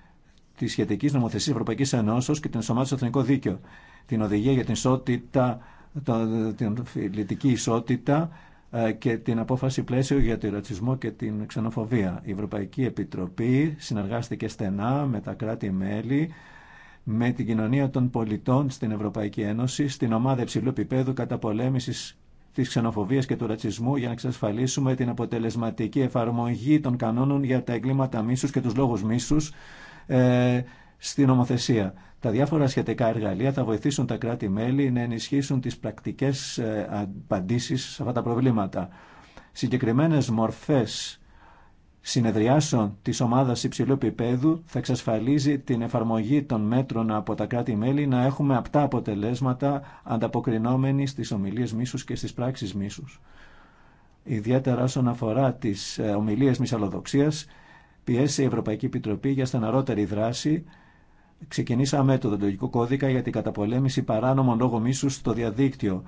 τη σχετική νομοθεσία Ευρωπαϊκής Ένωσης και την ενσωμάτωση του Την οδηγία για την ισότητα την φιλητική ισότητα ε, και την απόφαση πλαίσιο για τον ρατσισμό και την ξενοφοβία. Η Ευρωπαϊκή Επιτροπή συνεργάστηκε στενά με τα κράτη-μέλη, με την κοινωνία των πολιτών στην Ευρωπαϊκή Ένωση, στην ομάδα υψηλού επίπεδου κατά πολέμηση της ξενοφοβίας και του ρατσισμού για να εξασφαλίσουμε την αποτελεσματική εφαρμογή των κανόνων για τα εγκλήματα μίσους και τους λόγους μίσους ε, στην ομοθεσία. Τα διάφορα σχετικά εργαλεία θα βοηθήσουν τα κράτη-μέλη να ενισχύσουν τις πρακτικές ε, απαντήσεις σε αυτά τα προβλήματα. Συγκεκριμένες μορφές συνεδριάσεων της ομάδας υψηλού επίπεδου θα εξασφαλίζει την εφαρμογή των μέτρων από τα κράτη-μέλη να έχουμε απτά αποτελέσματα ανταποκρινόμενοι στις ομιλίες μίσους και στις πράξεις μίσους. Ιδιαίτερα όσον αφορά τις ε, ομιλίες μισαλλοδοξίας, πιέσει η Ευρωπαϊκή Επιτροπή για στεναρότερη δράση ξεκινήσαμε το δοντολογικό κώδικα για την καταπολέμηση παράνομων λόγω μίσου στο διαδίκτυο.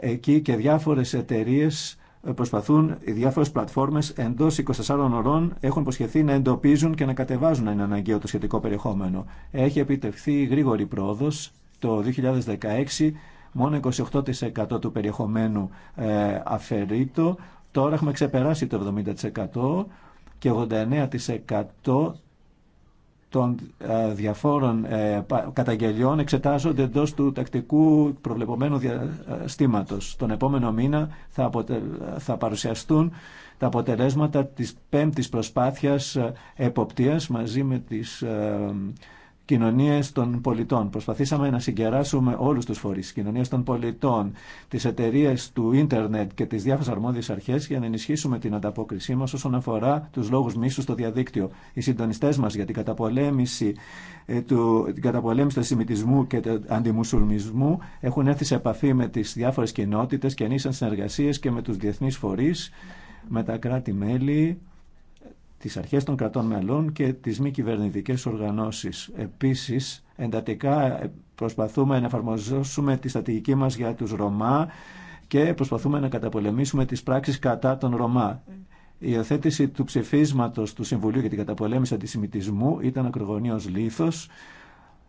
Εκεί και διάφορες εταιρείε προσπαθούν, οι διάφορες πλατφόρμες εντός 24 ωρών έχουν προσχεθεί να εντοπίζουν και να κατεβάζουν ένα αναγκαίο το σχετικό περιεχόμενο. Έχει επιτευχθεί γρήγορη πρόοδος το 2016 μόνο 28% του περιεχομένου ε, το. Τώρα έχουμε ξεπεράσει το 70% και 89% των ε, διαφόρων ε, καταγγελιών εξετάζονται εντός του τακτικού προβλεπωμένου διαστήματος. Ε, Τον επόμενο μήνα θα, θα παρουσιαστούν τα αποτελέσματα της πέμπτης προσπάθειας εποπτείας μαζί με τις Κοινωνίε των πολιτών. Προσπαθήσαμε να συγκεράσουμε όλους τους φορείς, κοινωνίε των πολιτών, τι εταιρείε του ίντερνετ και τι διάφορε αρμόδιε αρχέ για να ενισχύσουμε την ανταπόκρισή μα όσον αφορά του λόγου μίσου στο διαδίκτυο. Οι συντονιστέ μα για την καταπολέμηση ε, του, την καταπολέμηση του και του αντιμουσουλμισμού έχουν έρθει σε επαφή με τι διάφορε κοινότητε και ενίσχυσαν συνεργασίε και με του διεθνεί φορεί, με τα κράτη-μέλη, τις αρχές των κρατών μελών και τις μη κυβερνητικές οργανώσεις. Επίσης, εντατικά ε, προσπαθούμε να εφαρμοζώσουμε τη στρατηγική μας για τους Ρωμά και προσπαθούμε να καταπολεμήσουμε τις πράξεις κατά των Ρωμά. Η υιοθέτηση του ψηφίσματος του Συμβουλίου για την καταπολέμηση αντισημιτισμού ήταν ακρογωνίως λήθος.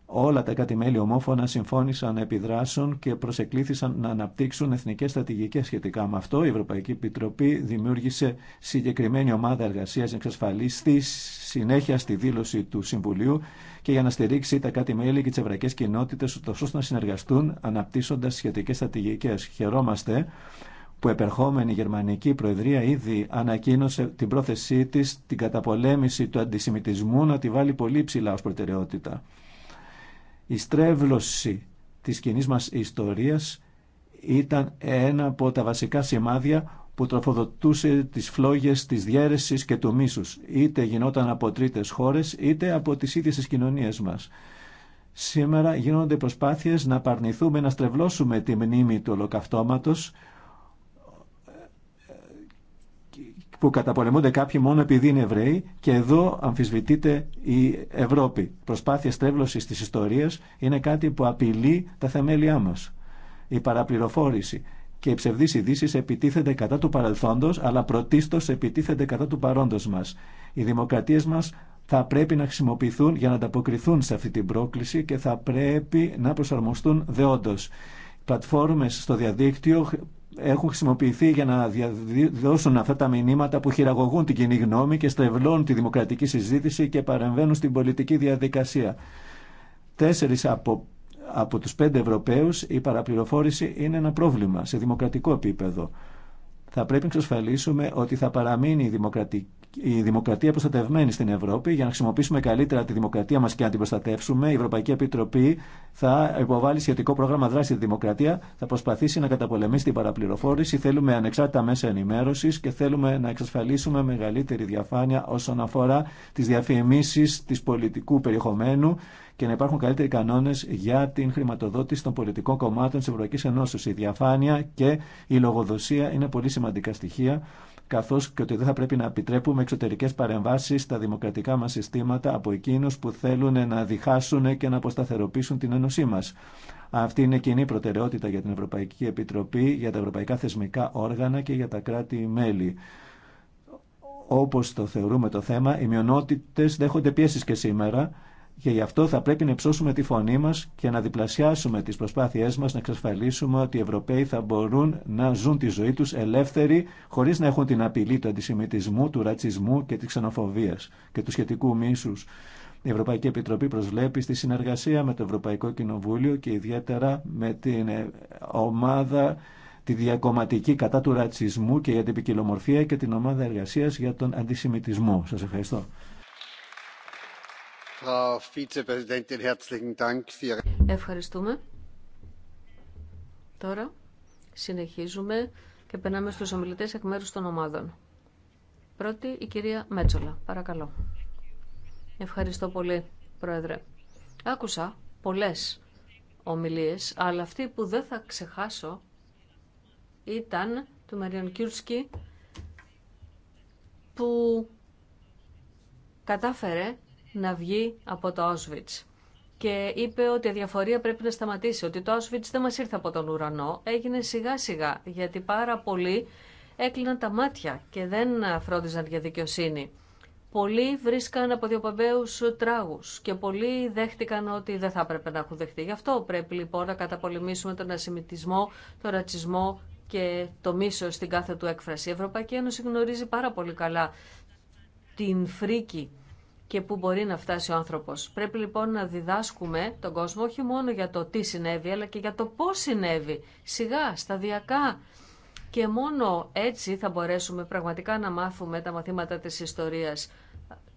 Όλα τα κατημέλη ομόφωνα συμφώνησαν να επιδράσουν και προσεκλήθησαν να αναπτύξουν εθνικές στρατηγικές σχετικά με αυτό. Η Ευρωπαϊκή Επιτροπή δημιούργησε συγκεκριμένη ομάδα εργασίας να εξασφαλίσει συνέχεια στη δήλωση του Συμβουλίου και για να στηρίξει τα κατημέλη και τις ευρωπαϊκές κοινότητες ώστε να συνεργαστούν αναπτύσσοντας σχετικές στρατηγικές. Χαιρόμαστε που επερχόμενη Γερμανική Προεδρία ήδη ανακοίνωσε την πρόθεσή της την καταπολέμηση του αντισημιτισμού να τη βάλει πολύ ψηλά ως προτεραιότητα. Η στρέβλωση της κοινή μας ιστορίας ήταν ένα από τα βασικά σημάδια που τροφοδοτούσε τις φλόγες της διέρεσης και του μίσους, είτε γινόταν από τρίτες χώρες, είτε από τις ίδιες τις κοινωνίες μας. Σήμερα γίνονται προσπάθειες να παρνηθούμε, να στρεβλώσουμε τη μνήμη του ολοκαυτώματος, που καταπολεμούνται κάποιοι μόνο επειδή είναι Εβραίοι και εδώ αμφισβητείται η Ευρώπη. Προσπάθεια στρέβλωση τη ιστορία είναι κάτι που απειλεί τα θεμέλια μα. Η παραπληροφόρηση και οι ψευδεί ειδήσει επιτίθενται κατά του παρελθόντο, αλλά πρωτίστω επιτίθενται κατά του παρόντο μα. Οι δημοκρατίε μα θα πρέπει να χρησιμοποιηθούν για να ανταποκριθούν σε αυτή την πρόκληση και θα πρέπει να προσαρμοστούν δεόντω. πλατφόρμες στο διαδίκτυο έχουν χρησιμοποιηθεί για να δώσουν αυτά τα μηνύματα που χειραγωγούν την κοινή γνώμη και στρεβλώνουν τη δημοκρατική συζήτηση και παρεμβαίνουν στην πολιτική διαδικασία. Τέσσερις από, από τους πέντε Ευρωπαίους η παραπληροφόρηση είναι ένα πρόβλημα σε δημοκρατικό επίπεδο. Θα πρέπει να εξασφαλίσουμε ότι θα παραμείνει η δημοκρατική η δημοκρατία προστατευμένη στην Ευρώπη. Για να χρησιμοποιήσουμε καλύτερα τη δημοκρατία μα και να την προστατεύσουμε, η Ευρωπαϊκή Επιτροπή θα υποβάλει σχετικό πρόγραμμα δράση τη δημοκρατία, θα προσπαθήσει να καταπολεμήσει την παραπληροφόρηση. Θέλουμε ανεξάρτητα μέσα ενημέρωση και θέλουμε να εξασφαλίσουμε μεγαλύτερη διαφάνεια όσον αφορά τι διαφημίσει τη πολιτικού περιεχομένου και να υπάρχουν καλύτεροι κανόνε για την χρηματοδότηση των πολιτικών κομμάτων τη Ευρωπαϊκή Ενώση. Η διαφάνεια και η λογοδοσία είναι πολύ σημαντικά στοιχεία καθώ και ότι δεν θα πρέπει να επιτρέπουμε εξωτερικέ παρεμβάσει στα δημοκρατικά μα συστήματα από εκείνου που θέλουν να διχάσουν και να αποσταθεροποιήσουν την ένωσή μα. Αυτή είναι κοινή προτεραιότητα για την Ευρωπαϊκή Επιτροπή, για τα ευρωπαϊκά θεσμικά όργανα και για τα κράτη-μέλη. Όπω το θεωρούμε το θέμα, οι μειονότητε δέχονται πιέσει και σήμερα και γι' αυτό θα πρέπει να υψώσουμε τη φωνή μας και να διπλασιάσουμε τις προσπάθειές μας να εξασφαλίσουμε ότι οι Ευρωπαίοι θα μπορούν να ζουν τη ζωή τους ελεύθεροι χωρίς να έχουν την απειλή του αντισημιτισμού, του ρατσισμού και της ξενοφοβίας και του σχετικού μίσους. Η Ευρωπαϊκή Επιτροπή προσβλέπει στη συνεργασία με το Ευρωπαϊκό Κοινοβούλιο και ιδιαίτερα με την ε, ομάδα τη διακομματική κατά του ρατσισμού και για την ποικιλομορφία και την ομάδα εργασίας για τον αντισημιτισμό. Σας ευχαριστώ. Ευχαριστούμε. Τώρα συνεχίζουμε και περνάμε στους ομιλητές εκ μέρους των ομάδων. Πρώτη η κυρία Μέτσολα. Παρακαλώ. Ευχαριστώ πολύ, Πρόεδρε. Άκουσα πολλές ομιλίες, αλλά αυτή που δεν θα ξεχάσω ήταν του Μαριον Κιούρσκι που κατάφερε να βγει από το Auschwitz. Και είπε ότι η διαφορία πρέπει να σταματήσει, ότι το Auschwitz δεν μας ήρθε από τον ουρανό, έγινε σιγά σιγά, γιατί πάρα πολλοί έκλειναν τα μάτια και δεν φρόντιζαν για δικαιοσύνη. Πολλοί βρίσκαν από διοπαμπέους τράγου και πολλοί δέχτηκαν ότι δεν θα έπρεπε να έχουν δεχτεί. Γι' αυτό πρέπει λοιπόν να καταπολεμήσουμε τον ασημιτισμό, τον ρατσισμό και το μίσο στην κάθε του έκφραση. Η Ευρωπαϊκή Ένωση γνωρίζει πάρα πολύ καλά την φρίκη και πού μπορεί να φτάσει ο άνθρωπος. Πρέπει λοιπόν να διδάσκουμε τον κόσμο όχι μόνο για το τι συνέβη, αλλά και για το πώς συνέβη, σιγά, σταδιακά. Και μόνο έτσι θα μπορέσουμε πραγματικά να μάθουμε τα μαθήματα της ιστορίας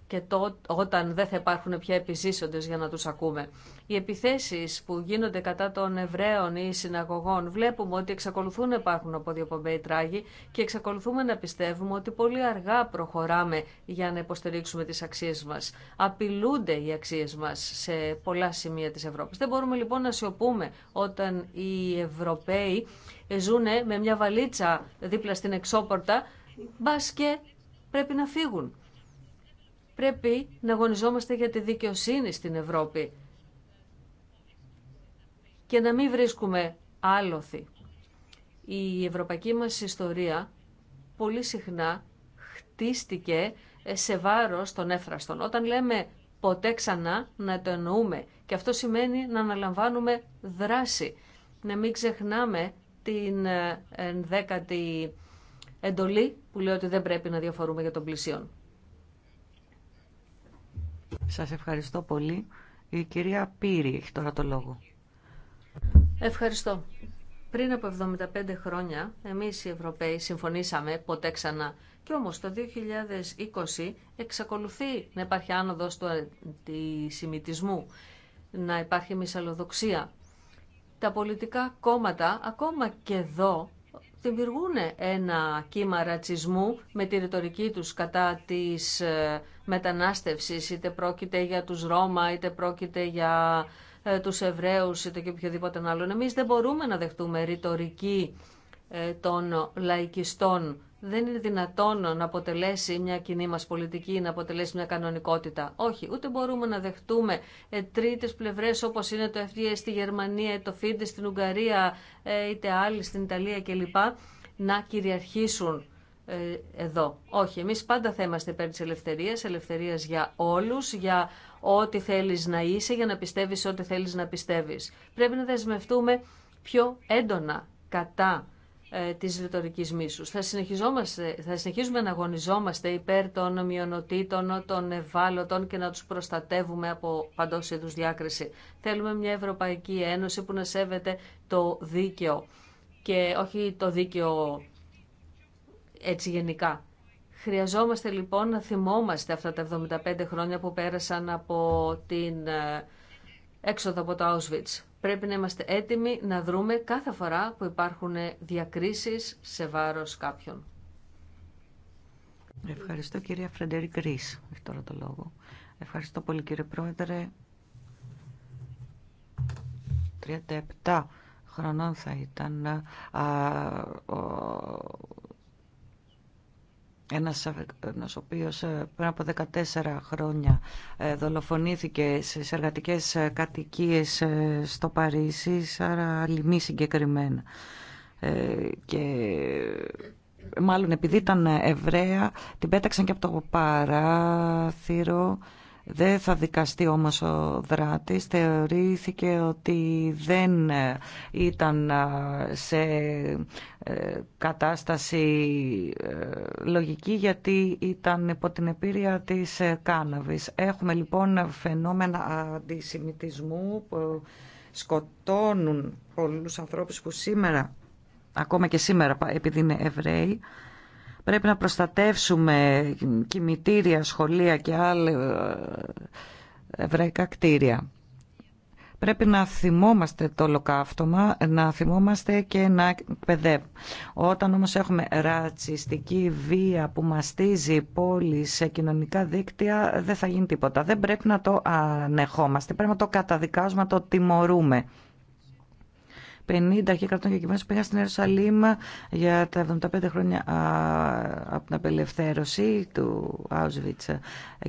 και το όταν δεν θα υπάρχουν πια επιζήσοντες για να τους ακούμε. Οι επιθέσεις που γίνονται κατά των Εβραίων ή συναγωγών βλέπουμε ότι εξακολουθούν να υπάρχουν από δύο Πομπέι τράγοι και εξακολουθούμε να πιστεύουμε ότι πολύ αργά προχωράμε για να υποστηρίξουμε τις αξίες μας. Απειλούνται οι αξίες μας σε πολλά σημεία της Ευρώπης. Δεν μπορούμε λοιπόν να σιωπούμε όταν οι Ευρωπαίοι ζουν με μια βαλίτσα δίπλα στην εξώπορτα, μπας και πρέπει να φύγουν. Πρέπει να αγωνιζόμαστε για τη δικαιοσύνη στην Ευρώπη και να μην βρίσκουμε άλοθη. Η ευρωπαϊκή μας ιστορία πολύ συχνά χτίστηκε σε βάρος των έφραστων. Όταν λέμε ποτέ ξανά να το εννοούμε και αυτό σημαίνει να αναλαμβάνουμε δράση. Να μην ξεχνάμε την ε, δέκατη εντολή που λέει ότι δεν πρέπει να διαφορούμε για τον πλησίον. Σας ευχαριστώ πολύ. Η κυρία Πύρη έχει τώρα το λόγο. Ευχαριστώ. Πριν από 75 χρόνια, εμείς οι Ευρωπαίοι συμφωνήσαμε ποτέ ξανά. Κι όμως το 2020 εξακολουθεί να υπάρχει άνοδος του αντισημιτισμού, να υπάρχει μυσαλλοδοξία. Τα πολιτικά κόμματα, ακόμα και εδώ, δημιουργούν ένα κύμα ρατσισμού με τη ρητορική τους κατά της ε, είτε πρόκειται για τους Ρώμα, είτε πρόκειται για ε, τους Εβραίους, είτε και οποιοδήποτε άλλον. Εμείς δεν μπορούμε να δεχτούμε ρητορική ε, των λαϊκιστών. Δεν είναι δυνατόν να αποτελέσει μια κοινή μας πολιτική, να αποτελέσει μια κανονικότητα. Όχι, ούτε μπορούμε να δεχτούμε ε, τρίτες πλευρές όπως είναι το FDA στη Γερμανία, το FIDE στην Ουγγαρία, είτε άλλοι στην Ιταλία κλπ. να κυριαρχήσουν ε, εδώ. Όχι, εμείς πάντα θα είμαστε υπέρ της ελευθερίας, ελευθερίας για όλους, για ό,τι θέλεις να είσαι, για να πιστεύεις ό,τι θέλεις να πιστεύεις. Πρέπει να δεσμευτούμε πιο έντονα κατά ε, της ρητορικής μίσους. Θα, θα συνεχίζουμε να αγωνιζόμαστε υπέρ των μειονοτήτων, των ευάλωτων και να τους προστατεύουμε από παντός είδους διάκριση. Θέλουμε μια Ευρωπαϊκή Ένωση που να σέβεται το δίκαιο και όχι το δίκαιο έτσι γενικά. Χρειαζόμαστε λοιπόν να θυμόμαστε αυτά τα 75 χρόνια που πέρασαν από την ε, έξοδο από το Auschwitz. Πρέπει να είμαστε έτοιμοι να δρούμε κάθε φορά που υπάρχουν διακρίσεις σε βάρος κάποιων. Ευχαριστώ κυρία Φρεντερικ Ρίς έχει τώρα το λόγο. Ευχαριστώ πολύ κύριε Πρόεδρε. 37 χρονών θα ήταν α, ο ένας, ένας οποίος ε, πριν από 14 χρόνια ε, δολοφονήθηκε σε εργατικές κατοικίες ε, στο Παρίσι, άρα λιμή συγκεκριμένα. Και μάλλον επειδή ήταν Εβραία, την πέταξαν και από το παράθυρο δεν θα δικαστεί όμως ο δράτης. Θεωρήθηκε ότι δεν ε, ήταν ε, σε ε, κατάσταση λογική γιατί ήταν υπό την επίρρεια της κάναβης. Έχουμε λοιπόν φαινόμενα αντισημιτισμού που σκοτώνουν πολλούς ανθρώπους που σήμερα, ακόμα και σήμερα επειδή είναι Εβραίοι, Πρέπει να προστατεύσουμε κημητήρια, σχολεία και άλλα ε, εβραϊκά κτίρια. Πρέπει να θυμόμαστε το ολοκαύτωμα, να θυμόμαστε και να εκπαιδεύουμε. Όταν όμως έχουμε ρατσιστική βία που μαστίζει πόλεις σε κοινωνικά δίκτυα, δεν θα γίνει τίποτα. Δεν πρέπει να το ανεχόμαστε. Πρέπει να το καταδικάζουμε, να το τιμωρούμε. 50 και κρατών και κυβέρνηση πήγαν στην Ιερουσαλήμ για τα 75 χρόνια από την απελευθέρωση του Auschwitz.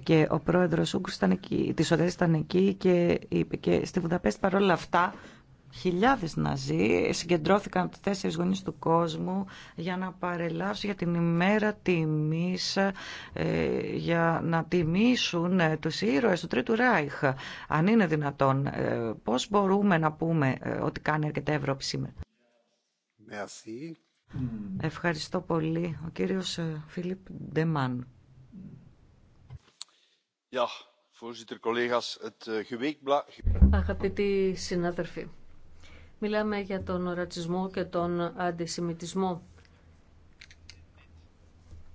Και ο πρόεδρος Ούγκρου ήταν εκεί, της ήταν εκεί και είπε και στη Βουδαπέστη παρόλα αυτά Χιλιάδες Ναζί συγκεντρώθηκαν από τέσσερις γονείς του κόσμου για να παρελάσουν για την ημέρα τιμής, ε, για να τιμήσουν ε, τους ήρωες του Τρίτου Ράιχ. Αν είναι δυνατόν, ε, πώς μπορούμε να πούμε ότι κάνει αρκετά Ευρώπη σήμερα. Mm. Ευχαριστώ πολύ. Ο κύριος Φίλιπ Ντεμάν. Αγαπητοί συνάδελφοι, Μιλάμε για τον ρατσισμό και τον αντισημιτισμό.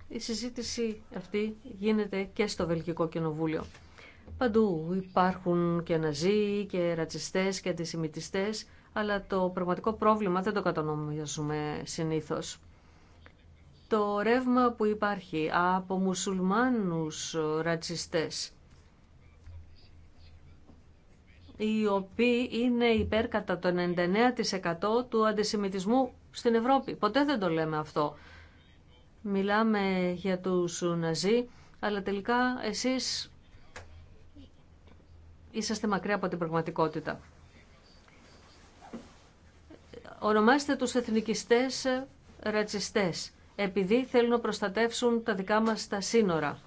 Η συζήτηση αυτή γίνεται και στο Βελγικό Κοινοβούλιο. Παντού υπάρχουν και ναζί και ρατσιστές και αντισημιτιστές, αλλά το πραγματικό πρόβλημα δεν το κατονομιάζουμε συνήθως. Το ρεύμα που υπάρχει από μουσουλμάνους ρατσιστές οι οποίοι είναι υπέρ κατά το 99% του αντισημιτισμού στην Ευρώπη. Ποτέ δεν το λέμε αυτό. Μιλάμε για τους Ναζί, αλλά τελικά εσείς είσαστε μακριά από την πραγματικότητα. Ονομάστε τους εθνικιστές ρατσιστές, επειδή θέλουν να προστατεύσουν τα δικά μας τα σύνορα.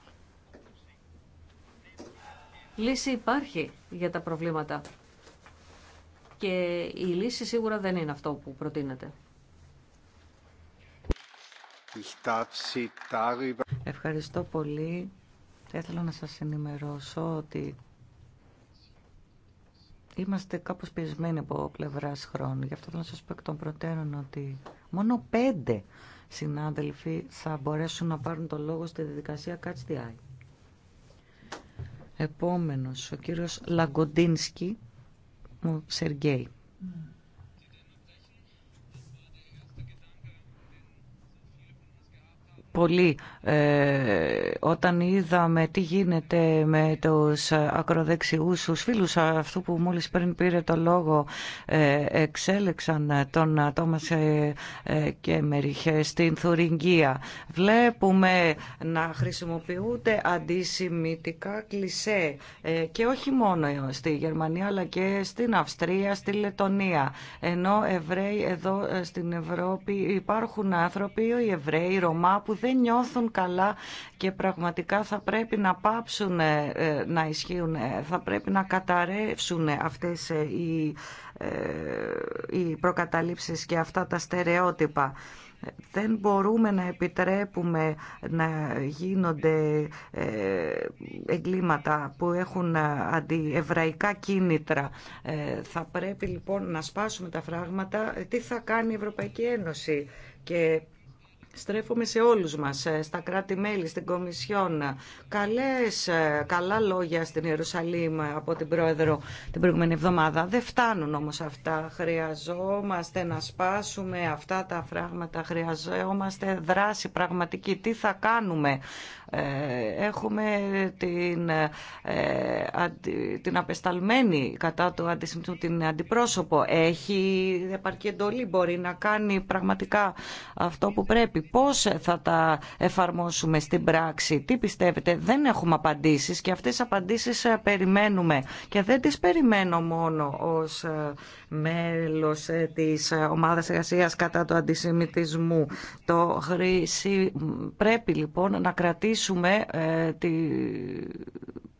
Λύση υπάρχει για τα προβλήματα. Και η λύση σίγουρα δεν είναι αυτό που προτείνεται. Ευχαριστώ πολύ. Θα ήθελα να σας ενημερώσω ότι είμαστε κάπως πιεσμένοι από πλευράς χρόνου. Γι' αυτό θέλω να σας πω εκ των προτέρων ότι μόνο πέντε συνάδελφοι θα μπορέσουν να πάρουν το λόγο στη διαδικασία Catch the Eye. Επόμενος, ο κύριος Λαγκοντίνσκι, ο Σεργέη. Mm. πολύ ε, όταν είδαμε τι γίνεται με τους ακροδεξιούς τους φίλους αυτού που μόλις πριν πήρε το λόγο ε, εξέλεξαν τον Τόμας ε, και Μεριχέ στην Θουριγγία. Βλέπουμε να χρησιμοποιούνται αντισημιτικά κλισέ και όχι μόνο στη Γερμανία αλλά και στην Αυστρία, στη Λετωνία. Ενώ Εβραίοι εδώ στην Ευρώπη υπάρχουν άνθρωποι, οι Εβραίοι, οι που δεν νιώθουν καλά και πραγματικά θα πρέπει να πάψουν ε, να ισχύουν, θα πρέπει να καταρρεύσουν αυτές ε, οι, ε, οι προκαταλήψεις και αυτά τα στερεότυπα. Δεν μπορούμε να επιτρέπουμε να γίνονται εγκλήματα που έχουν αντιεβραϊκά κίνητρα. Θα πρέπει λοιπόν να σπάσουμε τα φράγματα. Τι θα κάνει η Ευρωπαϊκή Ένωση και Στρέφομαι σε όλους μας, ε, στα κράτη-μέλη, στην Κομισιόν. Καλές, ε, καλά λόγια στην Ιερουσαλήμ από την Πρόεδρο την προηγούμενη εβδομάδα. Δεν φτάνουν όμως αυτά. Χρειαζόμαστε να σπάσουμε αυτά τα φράγματα. Χρειαζόμαστε δράση πραγματική. Τι θα κάνουμε ε, έχουμε την, ε, την απεσταλμένη κατά του αντισημιτισμού, την αντιπρόσωπο. Έχει επαρκή εντολή, μπορεί να κάνει πραγματικά αυτό που πρέπει. Πώς θα τα εφαρμόσουμε στην πράξη, τι πιστεύετε. Δεν έχουμε απαντήσεις και αυτές τις απαντήσεις ε, περιμένουμε. Και δεν τις περιμένω μόνο ως μέλος της ομάδας εργασίας κατά του αντισημιτισμού. Το χρήση πρέπει λοιπόν να κρατήσει κρατήσουμε ε, τη,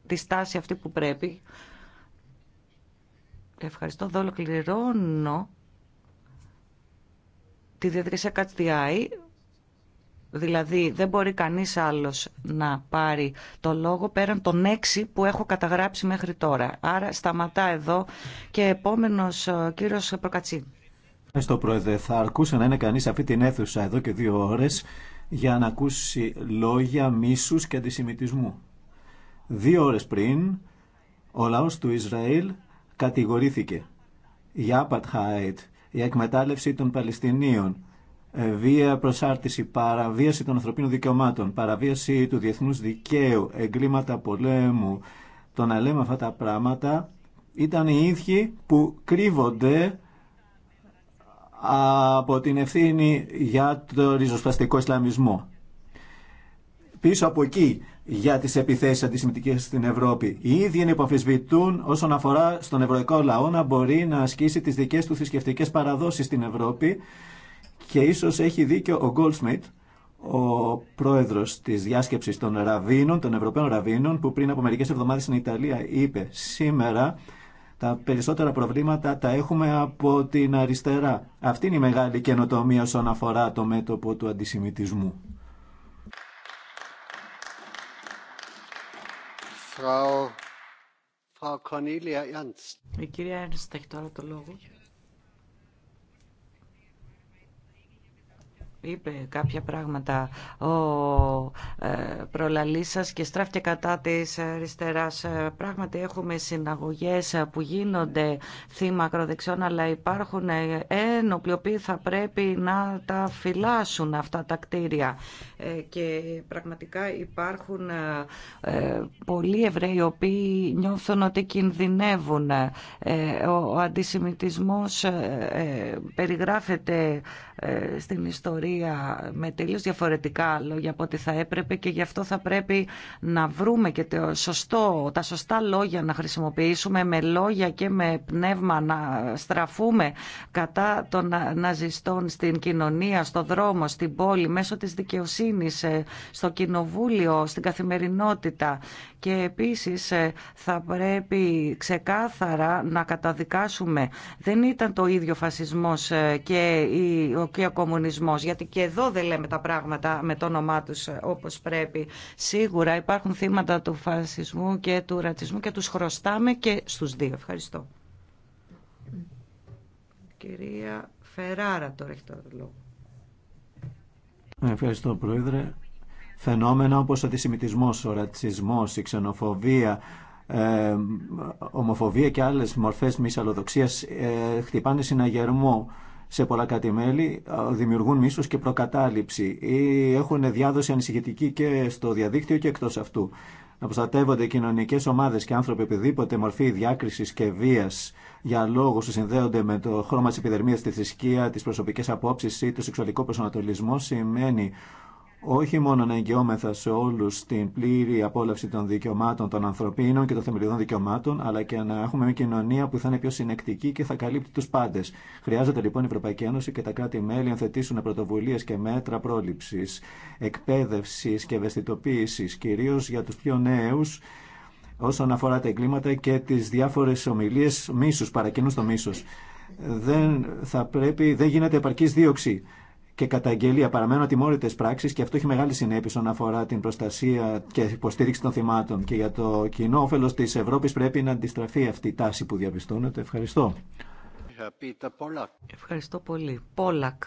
τη στάση αυτή που πρέπει. Ευχαριστώ. δόλο ολοκληρώνω τη διαδικασία ΚΑΤΣΤΙΑΗ. Δηλαδή δεν μπορεί κανείς άλλος να πάρει το λόγο πέραν των έξι που έχω καταγράψει μέχρι τώρα. Άρα σταματά εδώ και επόμενος ε, ο κύριος Προκατσί. Ευχαριστώ Πρόεδρε. Θα αρκούσε να είναι κανείς αυτή την αίθουσα εδώ και δύο ώρες για να ακούσει λόγια μίσους και αντισημιτισμού. Δύο ώρες πριν, ο λαός του Ισραήλ κατηγορήθηκε για απατχάιτ, για εκμετάλλευση των Παλαιστινίων, ε, βία προσάρτηση, παραβίαση των ανθρωπίνων δικαιωμάτων, παραβίαση του διεθνούς δικαίου, εγκλήματα πολέμου, το να λέμε αυτά τα πράγματα, ήταν οι ίδιοι που κρύβονται από την ευθύνη για το ριζοσπαστικό Ισλαμισμό. Πίσω από εκεί για τις επιθέσεις αντισημιτικές στην Ευρώπη. Οι ίδιοι είναι όσον αφορά στον ευρωπαϊκό λαό να μπορεί να ασκήσει τις δικές του θρησκευτικέ παραδόσεις στην Ευρώπη και ίσως έχει δίκιο ο Goldsmith, ο πρόεδρος της διάσκεψης των ραβίνων, των Ευρωπαίων ραβίνων, που πριν από μερικές εβδομάδες στην Ιταλία είπε σήμερα τα περισσότερα προβλήματα τα έχουμε από την αριστερά. Αυτή είναι η μεγάλη καινοτομία όσον αφορά το μέτωπο του αντισημιτισμού. Η κυρία Ernst έχει τώρα το λόγο. είπε κάποια πράγματα ο ε, προλαλής και στράφηκε κατά της αριστεράς. Ε, πράγματι έχουμε συναγωγές που γίνονται θύμα ακροδεξιών αλλά υπάρχουν ένοπλοι ε, οποίοι θα πρέπει να τα φυλάσουν αυτά τα κτίρια ε, και πραγματικά υπάρχουν πολλοί Εβραίοι οι οποίοι νιώθουν ότι κινδυνεύουν. Ο αντισημιτισμός περιγράφεται στην ιστορία με τελείως διαφορετικά λόγια από ό,τι θα έπρεπε και γι' αυτό θα πρέπει να βρούμε και το σωστό, τα σωστά λόγια να χρησιμοποιήσουμε με λόγια και με πνεύμα να στραφούμε κατά των ναζιστών στην κοινωνία, στο δρόμο, στην πόλη, μέσω της δικαιοσύνης, ε, στο κοινοβούλιο, στην καθημερινότητα και επίσης ε, θα πρέπει ξεκάθαρα να καταδικάσουμε δεν ήταν το ίδιο φασισμός ε, και και ο κομμουνισμός γιατί και εδώ δεν λέμε τα πράγματα με το όνομά τους όπως πρέπει. Σίγουρα υπάρχουν θύματα του φασισμού και του ρατσισμού και τους χρωστάμε και στους δύο. Ευχαριστώ. Κυρία Φεράρα τώρα έχει το λόγο. Ευχαριστώ Πρόεδρε. Φαινόμενα όπως ο αντισημιτισμός, ο ρατσισμός, η ξενοφοβία, ε, ομοφοβία και άλλες μορφές μη ε, χτυπάνε συναγερμό σε πολλα κάτι κράτη-μέλη δημιουργούν μίσους και προκατάληψη ή έχουν διάδοση ανησυχητική και στο διαδίκτυο και εκτός αυτού. Να προστατεύονται κοινωνικές ομάδες και άνθρωποι οποιοδήποτε μορφή διάκρισης και βίας για λόγους που συνδέονται με το χρώμα της επιδερμίας, τη θρησκεία, τις προσωπικές απόψεις ή το σεξουαλικό προσανατολισμό σημαίνει όχι μόνο να εγγυόμεθα σε όλου την πλήρη απόλαυση των δικαιωμάτων των ανθρωπίνων και των θεμελιωδών δικαιωμάτων, αλλά και να έχουμε μια κοινωνία που θα είναι πιο συνεκτική και θα καλύπτει του πάντε. Χρειάζεται λοιπόν η Ευρωπαϊκή Ένωση και τα κράτη-μέλη να θετήσουν πρωτοβουλίε και μέτρα πρόληψη, εκπαίδευση και ευαισθητοποίηση, κυρίω για του πιο νέου, όσον αφορά τα εγκλήματα και τι διάφορε ομιλίε μίσου, παρακινού στο μίσο. Δεν, δεν γίνεται επαρκή δίωξη και καταγγελία παραμένουν ατιμόρυτε πράξει και αυτό έχει μεγάλη συνέπεια όσον αφορά την προστασία και υποστήριξη των θυμάτων. Και για το κοινό όφελο τη Ευρώπη πρέπει να αντιστραφεί αυτή η τάση που διαπιστώνεται. Ευχαριστώ. Ευχαριστώ πολύ. Πόλακ.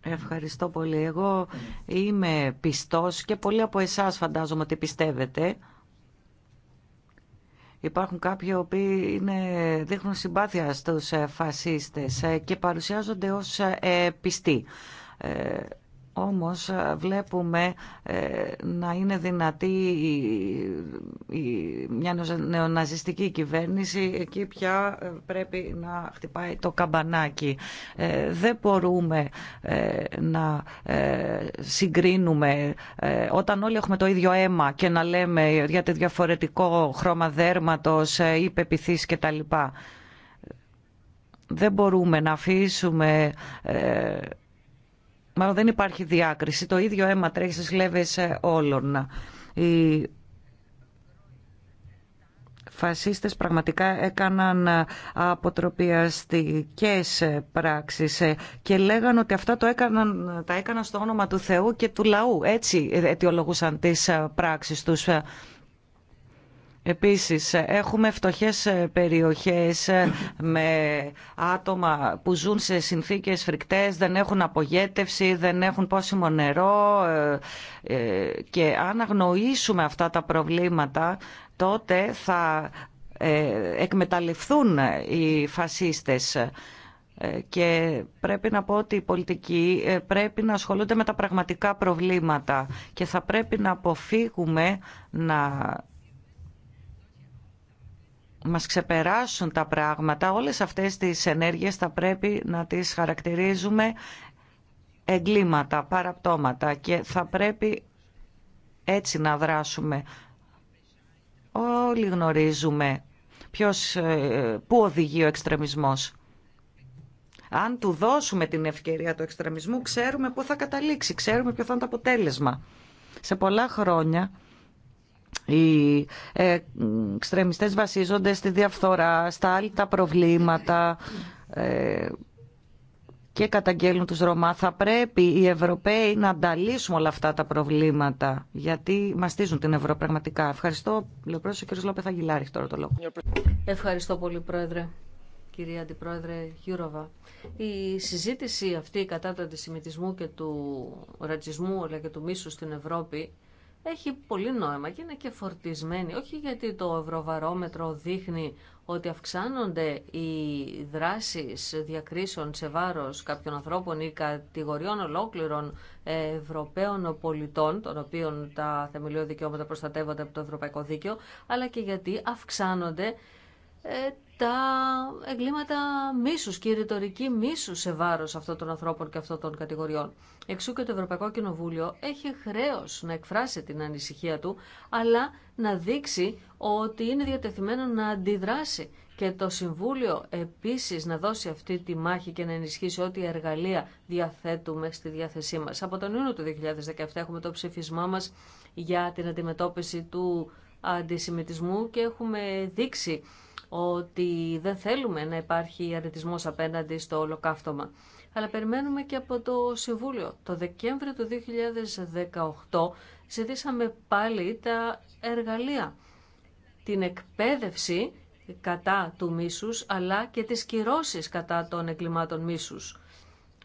Ευχαριστώ πολύ. Εγώ είμαι πιστός και πολλοί από εσάς φαντάζομαι ότι πιστεύετε Υπάρχουν κάποιοι οι οποίοι είναι, δείχνουν συμπάθεια στους ε, φασίστες ε, και παρουσιάζονται ως ε, πιστοί. Όμως ε, βλέπουμε ε, να είναι δυνατή μια νεοναζιστική κυβέρνηση. Εκεί πια ε, πρέπει να χτυπάει το καμπανάκι. Δεν μπορούμε να συγκρίνουμε όταν όλοι έχουμε το ίδιο αίμα και να λέμε για το διαφορετικό χρώμα δέρματος ή τα κτλ. Δεν μπορούμε να αφήσουμε μάλλον δεν υπάρχει διάκριση. Το ίδιο αίμα τρέχει στις λέβες ε, όλων. Οι φασίστες πραγματικά έκαναν ε, αποτροπιαστικές ε, πράξεις και λέγαν ότι αυτά το έκαναν, τα έκαναν στο όνομα του Θεού και του λαού. Έτσι αιτιολογούσαν τις πράξεις τους. Επίσης, έχουμε φτωχές περιοχές με άτομα που ζουν σε συνθήκες φρικτές, δεν έχουν απογέτευση, δεν έχουν πόσιμο νερό ε, ε, και αν αγνοήσουμε αυτά τα προβλήματα, τότε θα ε, εκμεταλλευτούν οι φασίστες και πρέπει να πω ότι οι πολιτικοί πρέπει να ασχολούνται με τα πραγματικά προβλήματα και θα πρέπει να αποφύγουμε να μας ξεπεράσουν τα πράγματα, όλες αυτές τις ενέργειες θα πρέπει να τις χαρακτηρίζουμε εγκλήματα, παραπτώματα και θα πρέπει έτσι να δράσουμε. Όλοι γνωρίζουμε ποιος, ε, πού οδηγεί ο εξτρεμισμός. Αν του δώσουμε την ευκαιρία του εξτρεμισμού, ξέρουμε πού θα καταλήξει, ξέρουμε ποιο θα είναι το αποτέλεσμα. Σε πολλά χρόνια οι ε, εξτρεμιστές βασίζονται στη διαφθορά, στα τα προβλήματα ε, και καταγγέλνουν τους Ρωμά. Θα πρέπει οι Ευρωπαίοι να ανταλύσουμε όλα αυτά τα προβλήματα, γιατί μαστίζουν την Ευρώπη πραγματικά. Ευχαριστώ, πρόεδρε, ο κ. θα Αγγιλάρη, τώρα το λόγο. Ευχαριστώ πολύ, Πρόεδρε. Κυρία Αντιπρόεδρε Γιούροβα, η συζήτηση αυτή κατά του αντισημιτισμού και του ρατσισμού αλλά και του μίσου στην Ευρώπη έχει πολύ νόημα και είναι και φορτισμένη. Όχι γιατί το ευρωβαρόμετρο δείχνει ότι αυξάνονται οι δράσεις διακρίσεων σε βάρος κάποιων ανθρώπων ή κατηγοριών ολόκληρων ε, Ευρωπαίων πολιτών, των οποίων τα θεμελιώδη δικαιώματα προστατεύονται από το Ευρωπαϊκό Δίκαιο, αλλά και γιατί αυξάνονται ε, τα εγκλήματα μίσου και η ρητορική μίσου σε βάρο αυτών των ανθρώπων και αυτών των κατηγοριών. Εξού και το Ευρωπαϊκό Κοινοβούλιο έχει χρέο να εκφράσει την ανησυχία του, αλλά να δείξει ότι είναι διατεθειμένο να αντιδράσει. Και το Συμβούλιο επίσης να δώσει αυτή τη μάχη και να ενισχύσει ό,τι εργαλεία διαθέτουμε στη διάθεσή μας. Από τον Ιούνιο του 2017 έχουμε το ψηφισμά μας για την αντιμετώπιση του αντισημιτισμού και έχουμε δείξει ότι δεν θέλουμε να υπάρχει αρνητισμός απέναντι στο ολοκαύτωμα. Αλλά περιμένουμε και από το Συμβούλιο. Το Δεκέμβριο του 2018 ζητήσαμε πάλι τα εργαλεία, την εκπαίδευση κατά του μίσους, αλλά και τις κυρώσεις κατά των εγκλημάτων μίσους,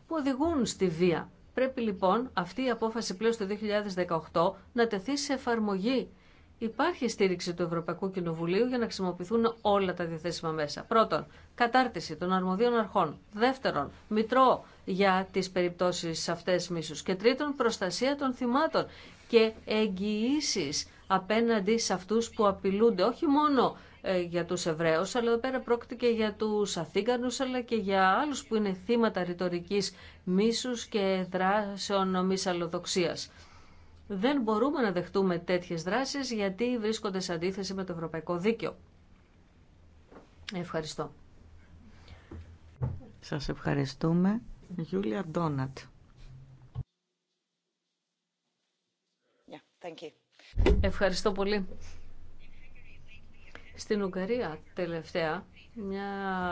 που οδηγούν στη βία. Πρέπει λοιπόν αυτή η απόφαση πλέον το 2018 να τεθεί σε εφαρμογή υπάρχει στήριξη του Ευρωπαϊκού Κοινοβουλίου για να χρησιμοποιηθούν όλα τα διαθέσιμα μέσα. Πρώτον, κατάρτιση των αρμοδίων αρχών. Δεύτερον, μητρό για τις περιπτώσεις αυτές μίσους. Και τρίτον, προστασία των θυμάτων και εγγυήσει απέναντι σε αυτούς που απειλούνται όχι μόνο ε, για τους Εβραίους, αλλά εδώ πέρα πρόκειται και για τους Αθήκανους, αλλά και για άλλους που είναι θύματα ρητορικής μίσους και δράσεων μη δεν μπορούμε να δεχτούμε τέτοιες δράσεις γιατί βρίσκονται σε αντίθεση με το ευρωπαϊκό δίκαιο. Ευχαριστώ. Σας ευχαριστούμε. Γιούλια Ντόνατ. Ευχαριστώ πολύ. Στην Ουγγαρία τελευταία μια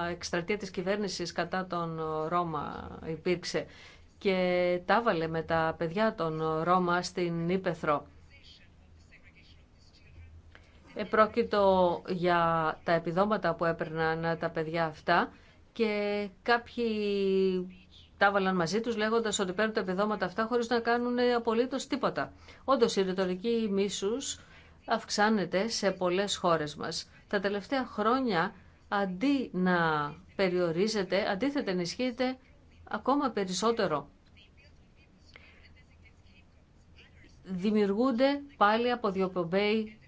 εκστρατεία της κυβέρνησης κατά τον Ρώμα υπήρξε και τα έβαλε με τα παιδιά των Ρώμα στην Ήπεθρο. Επρόκειτο για τα επιδόματα που έπαιρναν τα παιδιά αυτά και κάποιοι τα έβαλαν μαζί τους λέγοντας ότι παίρνουν τα επιδόματα αυτά χωρίς να κάνουν απολύτως τίποτα. Όντως η ρητορική μίσους αυξάνεται σε πολλές χώρες μας. Τα τελευταία χρόνια αντί να περιορίζεται, αντίθετα ενισχύεται ακόμα περισσότερο δημιουργούνται πάλι από διοπομπέοι